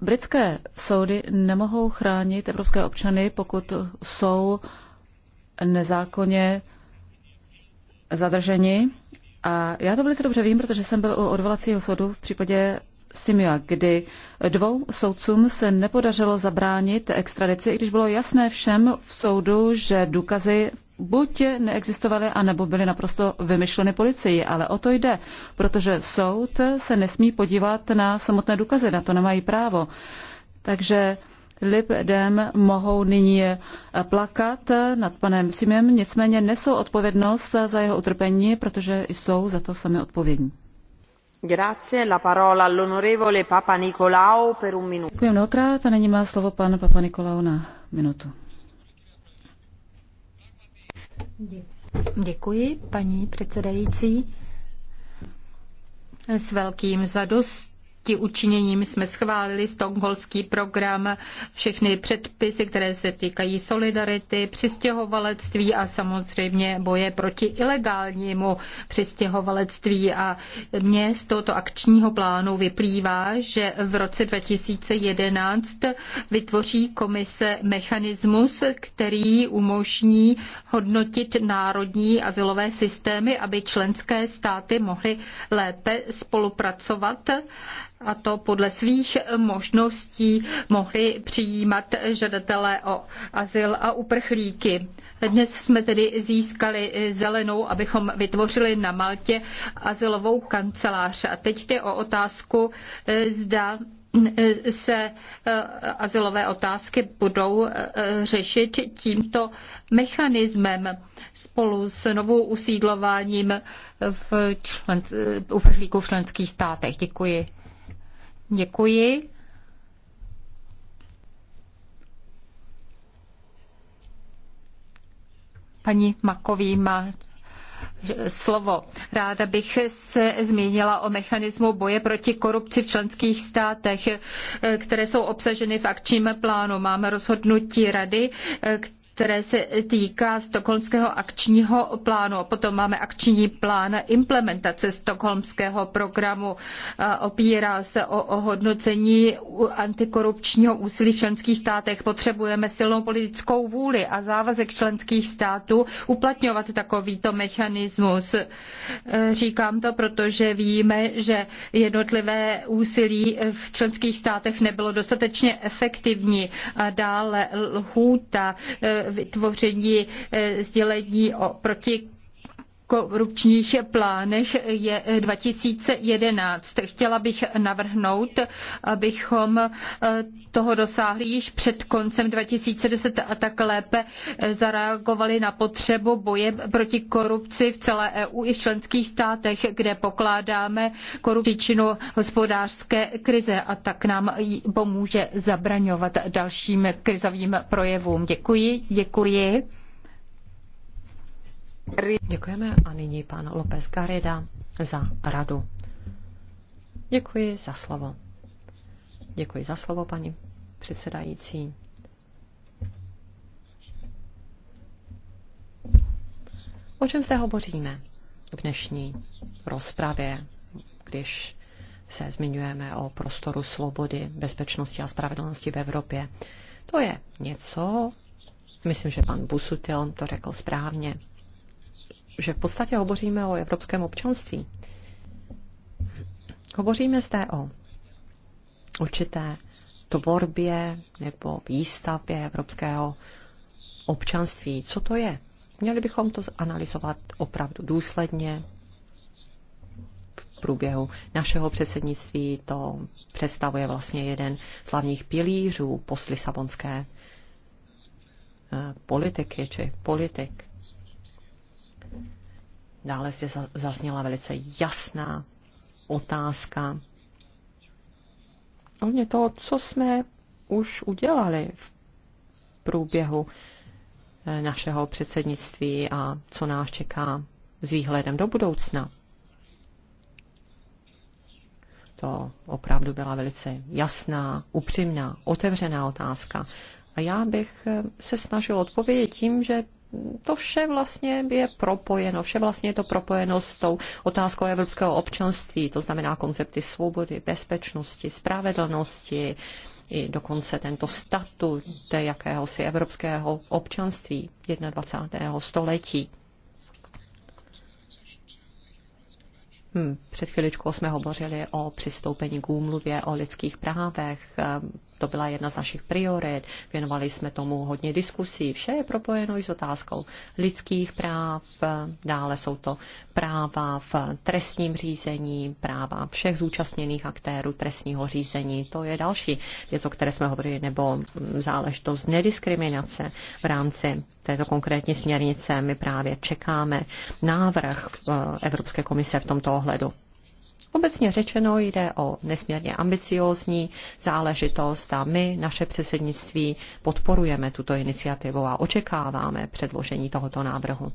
S1: Britské soudy nemohou chránit evropské občany, pokud jsou nezákonně zadrženi. A já to velice dobře vím, protože jsem byl u odvolacího soudu v případě Simia, kdy dvou soudcům se nepodařilo zabránit extradici, i když bylo jasné všem v soudu, že důkazy buď neexistovaly, anebo byly naprosto vymyšleny policií, ale o to jde, protože soud se nesmí podívat na samotné důkazy, na to nemají právo. Takže lidem mohou nyní plakat nad panem Simem, nicméně nesou odpovědnost za jeho utrpení, protože jsou za to sami odpovědní.
S2: Děkuji
S1: mnohokrát a nyní má slovo pan Papa
S3: na minutu. Děkuji, paní předsedající. S velkým zadost proti učiněním jsme schválili stokholský program, všechny předpisy, které se týkají solidarity, přistěhovalectví a samozřejmě boje proti ilegálnímu přistěhovalectví. A mně z tohoto akčního plánu vyplývá, že v roce 2011 vytvoří komise mechanismus, který umožní hodnotit národní azylové systémy, aby členské státy mohly lépe spolupracovat a to podle svých možností mohli přijímat žadatelé o azyl a uprchlíky. Dnes jsme tedy získali zelenou, abychom vytvořili na Maltě azylovou kancelář. A teď jde o otázku, zda se eh, azylové otázky budou eh, řešit tímto mechanismem spolu s novou usídlováním v člen, eh, uprchlíků v členských státech. Děkuji. Děkuji. Paní Makový má slovo. Ráda bych se zmínila o mechanismu boje proti korupci v členských státech, eh, které jsou obsaženy v akčním plánu. Máme rozhodnutí rady, eh, které které se týká stokholmského akčního plánu. A potom máme akční plán implementace stokholmského programu. Opírá se o, hodnocení antikorupčního úsilí v členských státech. Potřebujeme silnou politickou vůli a závazek členských států uplatňovat takovýto mechanismus. E, říkám to, protože víme, že jednotlivé úsilí v členských státech nebylo dostatečně efektivní. A dále lhůta e, vytvoření eh, sdělení o proti korupčních plánech je 2011. Chtěla bych navrhnout, abychom eh, toho dosáhli již před koncem 2010 a tak lépe eh, zareagovali na potřebu boje proti korupci v celé EU i v členských státech, kde pokládáme korupčičinu hospodářské krize a tak nám pomůže zabraňovat dalším
S2: krizovým projevům. Děkuji, děkuji. Děkujeme a nyní pan López Garida za radu. Děkuji za slovo. Děkuji za slovo, paní předsedající. O čem zde hovoříme v dnešní rozpravě, když se zmiňujeme o prostoru svobody, bezpečnosti a spravedlnosti v Evropě? To je něco, myslím, že pan Busutil to řekl správně, že v podstatě hovoříme o evropském občanství. Hovoříme zde o určité tvorbě nebo výstavbě evropského občanství. Co to je? Měli bychom to analyzovat opravdu důsledně. V průběhu našeho předsednictví to představuje vlastně jeden z hlavních pilířů postlisabonské eh, politiky či politik. Dále zde zazněla velice jasná otázka. Hlavně to, co jsme už udělali v průběhu eh, našeho předsednictví a co nás čeká s výhledem do budoucna. To opravdu byla velice jasná, upřímná, otevřená otázka. A já bych eh, se snažil odpovědět tím, že to vše vlastně je propojeno, vše vlastně je to propojeno s tou otázkou evropského občanství, to znamená koncepty svobody, bezpečnosti, spravedlnosti, i dokonce tento statut jakéhosi evropského občanství 21. století. Hmm, před chviličkou jsme hovořili o přistoupení k úmluvě o lidských právech. To byla jedna z našich priorit. Věnovali jsme tomu hodně diskusí. Vše je propojeno i s otázkou lidských práv. Dále jsou to práva v trestním řízení, práva všech zúčastněných aktérů trestního řízení. To je další věc, o které jsme hovorili, nebo záležitost nediskriminace v rámci této konkrétní směrnice. My právě čekáme návrh eh, Evropské komise v tomto ohledu. Obecně řečeno jde o nesmírně ambiciózní záležitost a my, naše předsednictví, podporujeme tuto iniciativu a očekáváme předložení tohoto návrhu.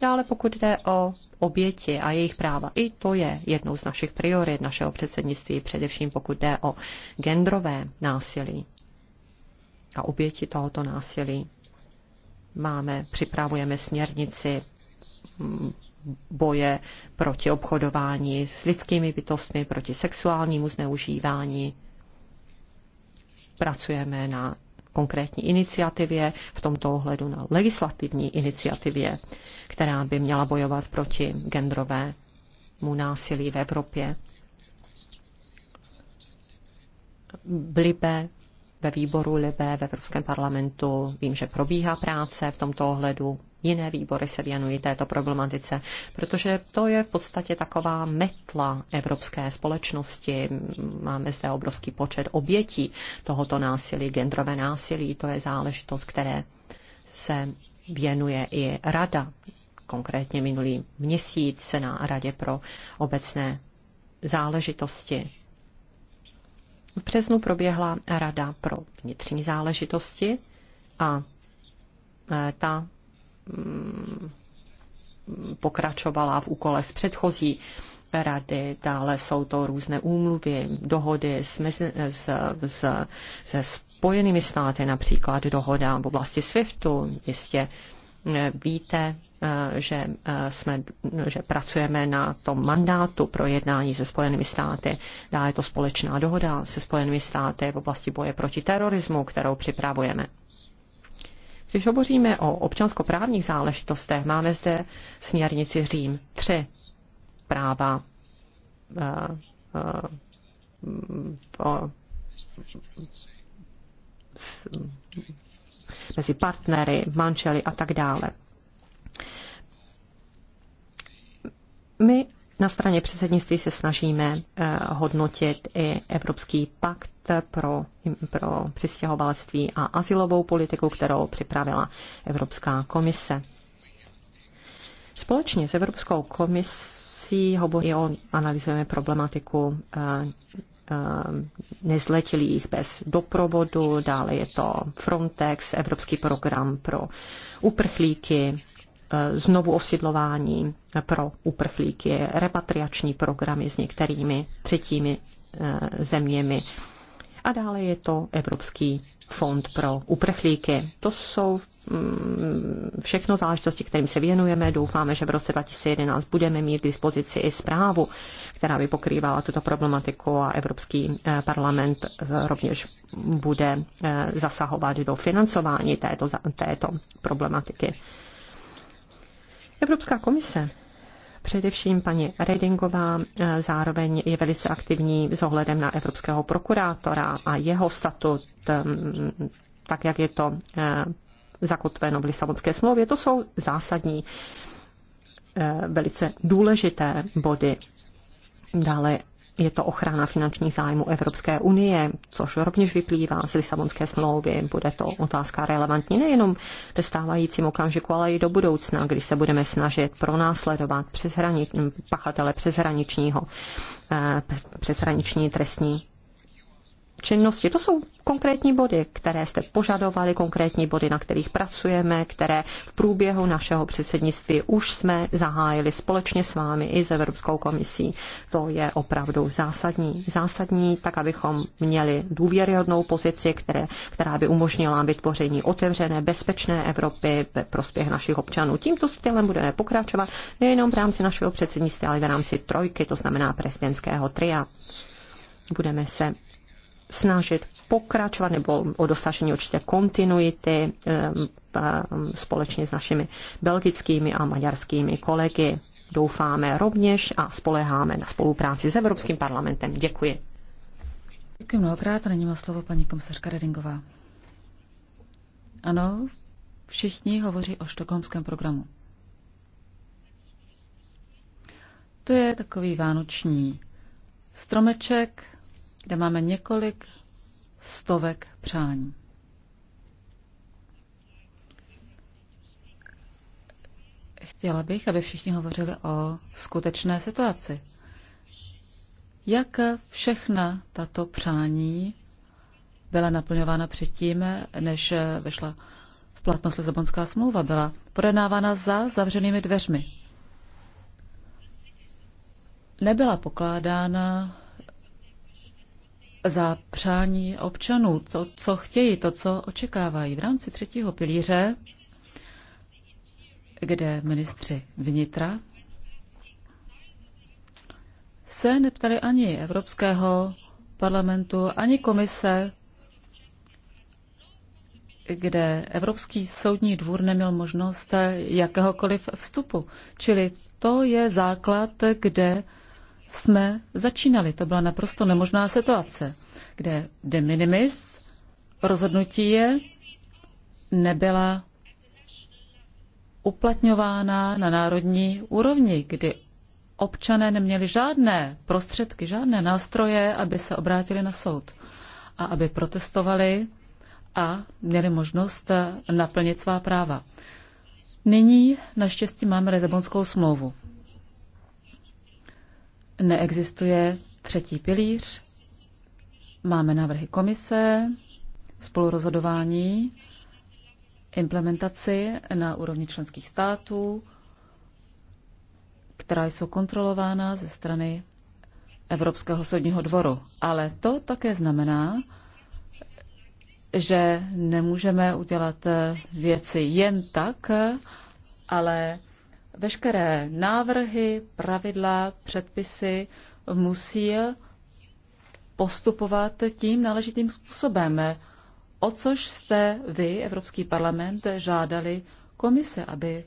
S2: Dále pokud jde o oběti a jejich práva, i to je jednou z našich priorit našeho předsednictví, především pokud jde o genderové násilí a oběti tohoto násilí. Máme, připravujeme směrnici boje proti obchodování s lidskými bytostmi, proti sexuálnímu zneužívání. Pracujeme na konkrétní iniciativě, v tomto ohledu na legislativní iniciativě, která by měla bojovat proti genderovému násilí v Evropě. Blibe ve výboru LIBE, v Evropském parlamentu. Vím, že probíhá práce v tomto ohledu. Jiné výbory se věnují této problematice, protože to je v podstatě taková metla evropské společnosti. Máme zde obrovský počet obětí tohoto násilí, genderové násilí. To je záležitost, které se věnuje i rada. Konkrétně minulý měsíc se na Radě pro obecné záležitosti v březnu proběhla Rada pro vnitřní záležitosti a e, ta mm, pokračovala v úkole z předchozí rady, dále jsou to různé úmluvy, dohody s, s, s, se Spojenými státy, například dohoda v oblasti SWIFTu, jistě Víte, eh, že, eh, jsme, že pracujeme na tom mandátu pro jednání se Spojenými státy. Dále je to společná dohoda se Spojenými státy v oblasti boje proti terorismu, kterou připravujeme. Když hovoříme o občanskoprávních záležitostech, máme zde směrnici Řím 3 práva uh, uh, v, mezi partnery, manželi a tak dále. My na straně předsednictví se snažíme eh, hodnotit i Evropský pakt pro, pro přistěhovalství a asilovou politiku, kterou připravila Evropská komise. Společně s Evropskou komisí hovoří o, analyzujeme problematiku eh, Eh, nezletilých bez doprovodu, dále je to Frontex, Evropský program pro uprchlíky, eh, znovu osidlování pro uprchlíky, repatriační programy s některými třetími eh, zeměmi. A dále je to Evropský fond pro uprchlíky. To jsou v Mm, všechno záležitosti, kterým se věnujeme. Doufáme, že v roce 2011 budeme mít k dispozici i zprávu, která by pokrývala tuto problematiku a Evropský eh, parlament eh, rovněž bude eh, zasahovat do financování této, této problematiky. Evropská komise Především paní Redingová zároveň je velice aktivní s ohledem na evropského prokurátora a jeho statut, tak jak je to zakotveno v Lisabonské smlouvě. To jsou zásadní, eh, velice důležité body. Dále je to ochrana finančních zájmů Evropské unie, což rovněž vyplývá z Lisabonské smlouvy. Bude to otázka relevantní nejenom ve stávajícím okamžiku, ale i do budoucna, když se budeme snažit pronásledovat přeshrani, pachatele přeshraničního, eh, přeshraniční trestní činnosti. To jsou konkrétní body, které jste požadovali, konkrétní body, na kterých pracujeme, které v průběhu našeho předsednictví už jsme zahájili společně s vámi i s Evropskou komisí. To je opravdu zásadní. Zásadní, tak abychom měli důvěryhodnou pozici, které, která by umožnila vytvoření otevřené, bezpečné Evropy ve prospěch našich občanů. Tímto stylem budeme pokračovat nejenom v rámci našeho předsednictví, ale v rámci trojky, to znamená prezidentského tria budeme se snažit pokračovat nebo o dosažení určitě kontinuity eh, eh, společně s našimi belgickými a maďarskými kolegy. Doufáme rovněž a spoleháme na spolupráci s Evropským parlamentem. Děkuji.
S1: Děkuji mnohokrát a nyní má slovo paní komisařka Redingová. Ano, všichni hovoří o štokholmském programu. To je takový vánoční stromeček, kde máme několik stovek přání. Chtěla bych, aby všichni hovořili o skutečné situaci. Jak všechna tato přání byla naplňována předtím, než vešla v platnost Lisabonská smlouva, byla projednávána za zavřenými dveřmi. Nebyla pokládána za přání občanů, to, co chtějí, to, co očekávají. V rámci třetího pilíře, kde ministři vnitra se neptali ani Evropského parlamentu, ani komise, kde Evropský soudní dvůr neměl možnost jakéhokoliv vstupu. Čili to je základ, kde jsme začínali. To byla naprosto nemožná situace, kde de minimis rozhodnutí je nebyla uplatňována na národní úrovni, kdy občané neměli žádné prostředky, žádné nástroje, aby se obrátili na soud a aby protestovali a měli možnost naplnit svá práva. Nyní naštěstí máme Lizabonskou smlouvu neexistuje třetí pilíř, máme návrhy komise, spolurozhodování, implementaci na úrovni členských států, která jsou kontrolována ze strany Evropského soudního dvoru. Ale to také znamená, že nemůžeme udělat věci jen tak, ale veškeré návrhy, pravidla, předpisy musí postupovat tím náležitým způsobem, o což jste vy, Evropský parlament, žádali komise, aby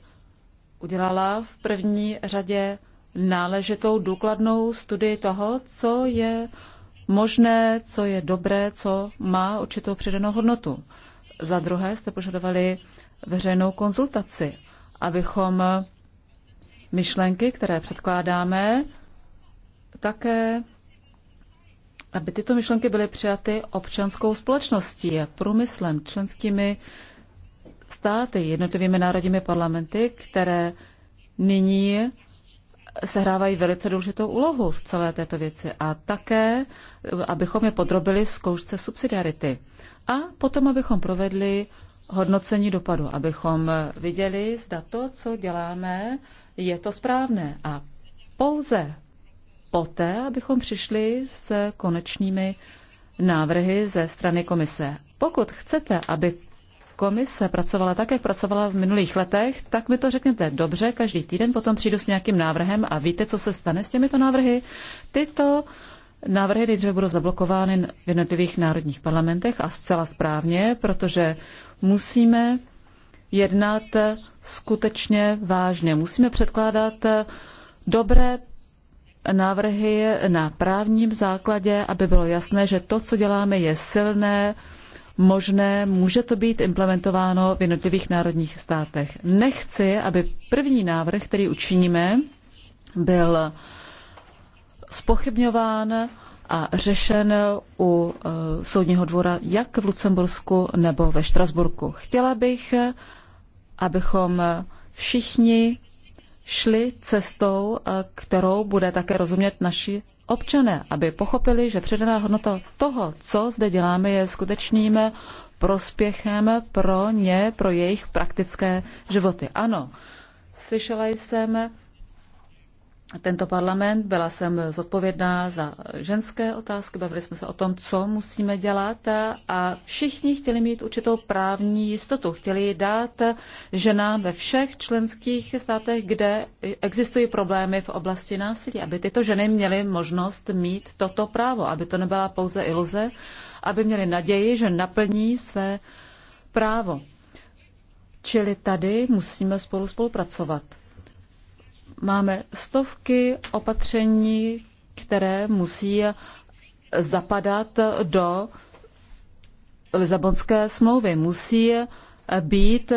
S1: udělala v první řadě náležitou důkladnou studii toho, co je možné, co je dobré, co má určitou přidanou hodnotu. Za druhé jste požadovali veřejnou konzultaci, abychom myšlenky, které předkládáme, také, aby tyto myšlenky byly přijaty občanskou společností, průmyslem, členskými státy, jednotlivými národními parlamenty, které nyní sehrávají velice důležitou úlohu v celé této věci a také, abychom je podrobili zkoušce subsidiarity a potom, abychom provedli hodnocení dopadu, abychom viděli, zda to, co děláme, je to správné. A pouze poté, abychom přišli s konečnými návrhy ze strany komise. Pokud chcete, aby komise pracovala tak, jak pracovala v minulých letech, tak mi to řeknete dobře, každý týden potom přijdu s nějakým návrhem a víte, co se stane s těmito návrhy. Tyto návrhy nejdříve budou zablokovány v jednotlivých národních parlamentech a zcela správně, protože musíme jednat skutečně vážně. Musíme předkládat dobré návrhy na právním základě, aby bylo jasné, že to, co děláme, je silné, možné, může to být implementováno v jednotlivých národních státech. Nechci, aby první návrh, který učiníme, byl spochybňován a řešen u eh, soudního dvora jak v Lucembursku nebo ve Štrasburku. Chtěla bych, abychom všichni šli cestou, eh, kterou bude také rozumět naši občané, aby pochopili, že předaná hodnota toho, co zde děláme, je skutečným prospěchem pro ně, pro jejich praktické životy. Ano, slyšela jsem tento parlament, byla jsem zodpovědná za ženské otázky, bavili jsme se o tom, co musíme dělat a všichni chtěli mít určitou právní jistotu. Chtěli dát ženám ve všech členských státech, kde existují problémy v oblasti násilí, aby tyto ženy měly možnost mít toto právo, aby to nebyla pouze iluze, aby měly naději, že naplní své právo. Čili tady musíme spolu spolupracovat. Máme stovky opatření, které musí zapadat do Lisabonské smlouvy. Musí být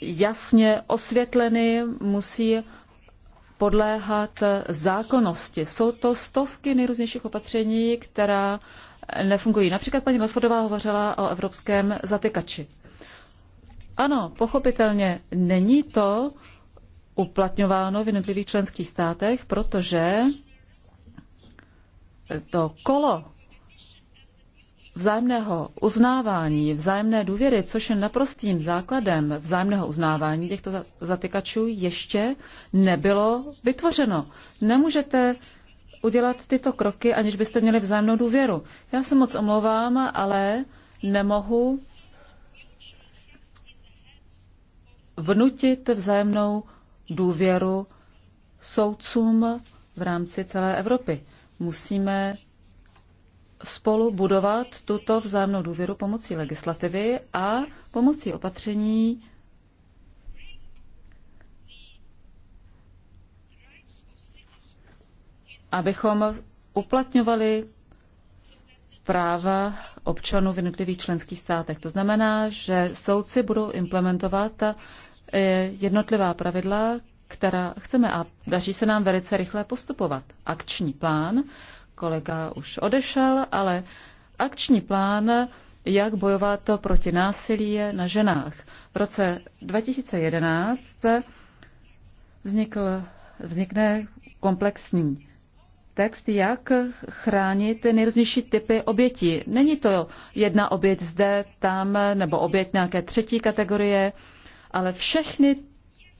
S1: jasně osvětleny, musí podléhat zákonnosti. Jsou to stovky nejrůznějších opatření, která nefungují. Například paní Lefodová hovořila o evropském zatykači. Ano, pochopitelně není to uplatňováno v jednotlivých členských státech, protože to kolo vzájemného uznávání, vzájemné důvěry, což je naprostým základem vzájemného uznávání těchto zatykačů, ještě nebylo vytvořeno. Nemůžete udělat tyto kroky, aniž byste měli vzájemnou důvěru. Já se moc omlouvám, ale nemohu vnutit vzájemnou důvěru soudcům v rámci celé Evropy. Musíme spolu budovat tuto vzájemnou důvěru pomocí legislativy a pomocí opatření abychom uplatňovali práva občanů v jednotlivých členských státech. To znamená, že soudci budou implementovat E, jednotlivá pravidla, která chceme a daří se nám velice rychle postupovat. Akční plán, kolega už odešel, ale akční plán, jak bojovat to proti násilí na ženách. V roce 2011 vznikl, vznikne komplexní text, jak chránit nejrůznější typy obětí. Není to jedna oběť zde, tam, nebo oběť nějaké třetí kategorie, ale všechny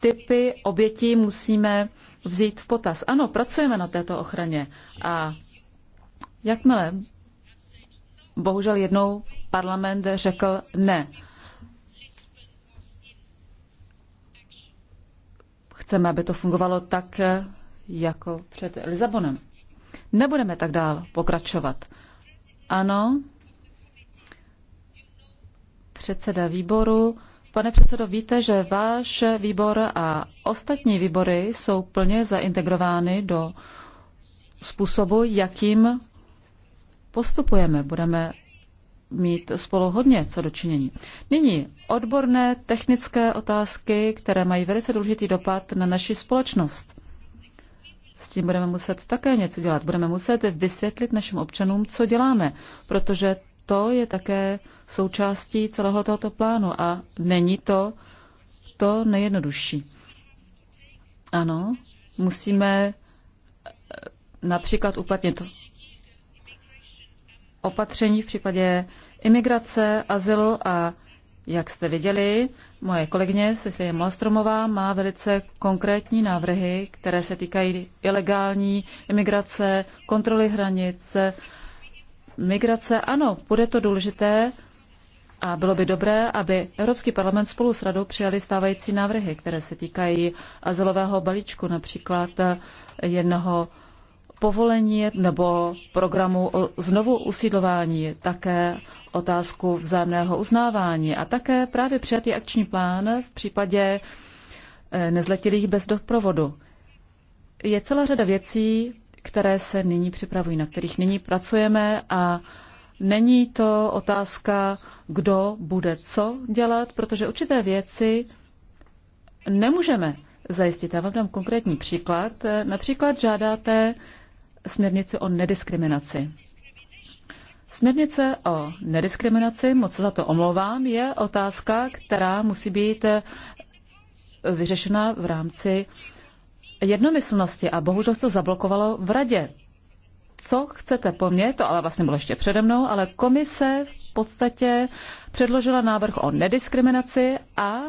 S1: typy obětí musíme vzít v potaz. Ano, pracujeme na této ochraně a jakmile bohužel jednou parlament řekl ne, chceme, aby to fungovalo tak, jako před Lisabonem. Nebudeme tak dál pokračovat. Ano, předseda výboru Pane předsedo, víte, že váš výbor a ostatní výbory jsou plně zaintegrovány do způsobu, jakým postupujeme. Budeme mít spolu hodně co dočinění. Nyní odborné technické otázky, které mají velice důležitý dopad na naši společnost. S tím budeme muset také něco dělat. Budeme muset vysvětlit našim občanům, co děláme, protože to je také součástí celého tohoto plánu a není to to nejjednodušší. Ano, musíme eh, například uplatnit opatření v případě imigrace, azylu a jak jste viděli, moje kolegyně Cecilie Malstromová má velice konkrétní návrhy, které se týkají ilegální imigrace, kontroly hranice migrace, ano, bude to důležité a bylo by dobré, aby Evropský parlament spolu s radou přijali stávající návrhy, které se týkají azylového balíčku, například jednoho povolení nebo programu o znovu usídlování, také otázku vzájemného uznávání a také právě přijatý akční plán v případě eh, nezletilých bez doprovodu. Je celá řada věcí, které se nyní připravují, na kterých nyní pracujeme a není to otázka, kdo bude co dělat, protože určité věci nemůžeme zajistit. Já vám dám konkrétní příklad. Například žádáte směrnici o nediskriminaci. Směrnice o nediskriminaci, moc za to omlouvám, je otázka, která musí být vyřešena v rámci jednomyslnosti a bohužel se to zablokovalo v radě. Co chcete po mně, to ale vlastně bylo ještě přede mnou, ale komise v podstatě předložila návrh o nediskriminaci a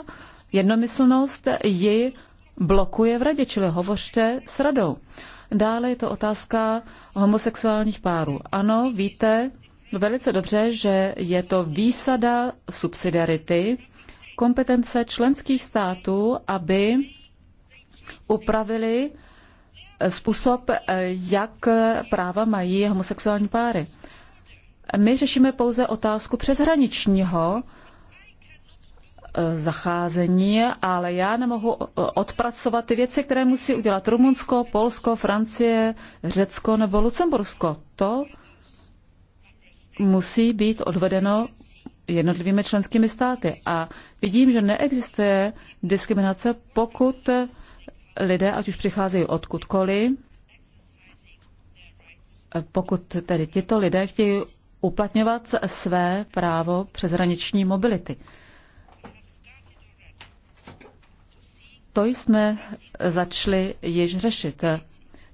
S1: jednomyslnost ji blokuje v radě, čili hovořte s radou. Dále je to otázka homosexuálních párů. Ano, víte velice dobře, že je to výsada subsidiarity, kompetence členských států, aby upravili eh, způsob, eh, jak práva mají homosexuální páry. My řešíme pouze otázku přeshraničního eh, zacházení, ale já nemohu odpracovat ty věci, které musí udělat Rumunsko, Polsko, Francie, Řecko nebo Lucembursko. To musí být odvedeno jednotlivými členskými státy. A vidím, že neexistuje diskriminace, pokud lidé, ať už přicházejí odkudkoliv, pokud tedy tito lidé chtějí uplatňovat své právo přeshraniční mobility. To jsme začali již řešit.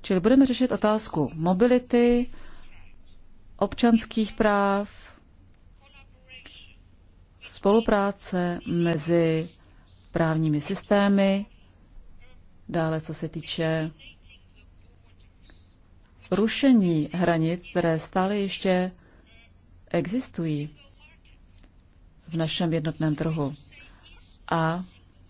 S1: Čili budeme řešit otázku mobility, občanských práv, spolupráce mezi právními systémy Dále, co se týče rušení hranic, které stále ještě existují v našem jednotném trhu. A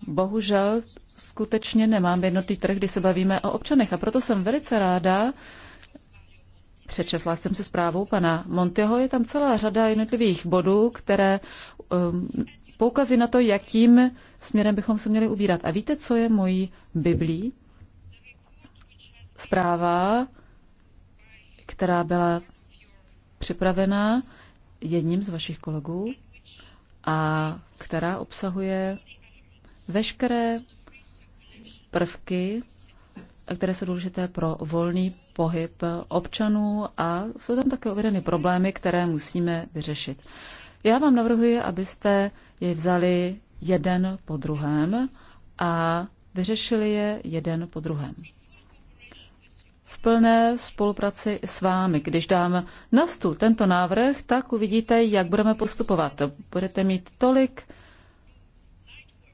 S1: bohužel skutečně nemám jednotný trh, kdy se bavíme o občanech. A proto jsem velice ráda, přečesla jsem se zprávou pana Montyho, je tam celá řada jednotlivých bodů, které um, poukazy na to, jakým směrem bychom se měli ubírat. A víte, co je mojí Biblí? Zpráva, která byla připravena jedním z vašich kolegů a která obsahuje veškeré prvky, které jsou důležité pro volný pohyb občanů a jsou tam také uvedeny problémy, které musíme vyřešit. Já vám navrhuji, abyste je vzali jeden po druhém a vyřešili je jeden po druhém. V plné spolupráci s vámi. Když dám na stůl tento návrh, tak uvidíte, jak budeme postupovat. Budete mít tolik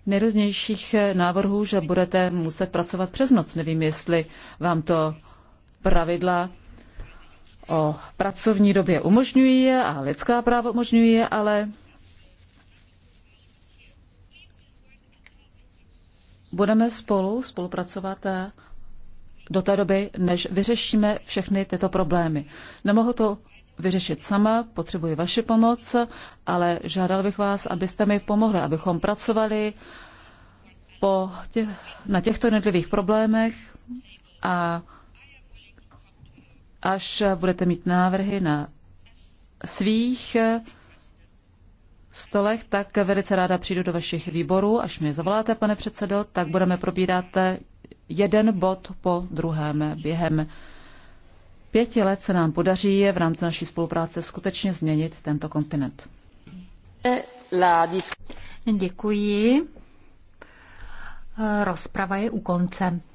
S1: nejrůznějších návrhů, že budete muset pracovat přes noc. Nevím, jestli vám to pravidla o pracovní době umožňují a lidská práva umožňují, ale budeme spolu spolupracovat eh, do té doby, než vyřešíme všechny tyto problémy. Nemohu to vyřešit sama, potřebuji vaši pomoc, ale žádal bych vás, abyste mi pomohli, abychom pracovali po tě, na těchto jednotlivých problémech a až budete mít návrhy na svých stolech, tak velice ráda přijdu do vašich výborů. Až mě zavoláte, pane předsedo, tak budeme probírat jeden bod po druhém. Během pěti let se nám podaří v rámci naší spolupráce skutečně změnit tento kontinent.
S3: Děkuji. Rozprava je u konce.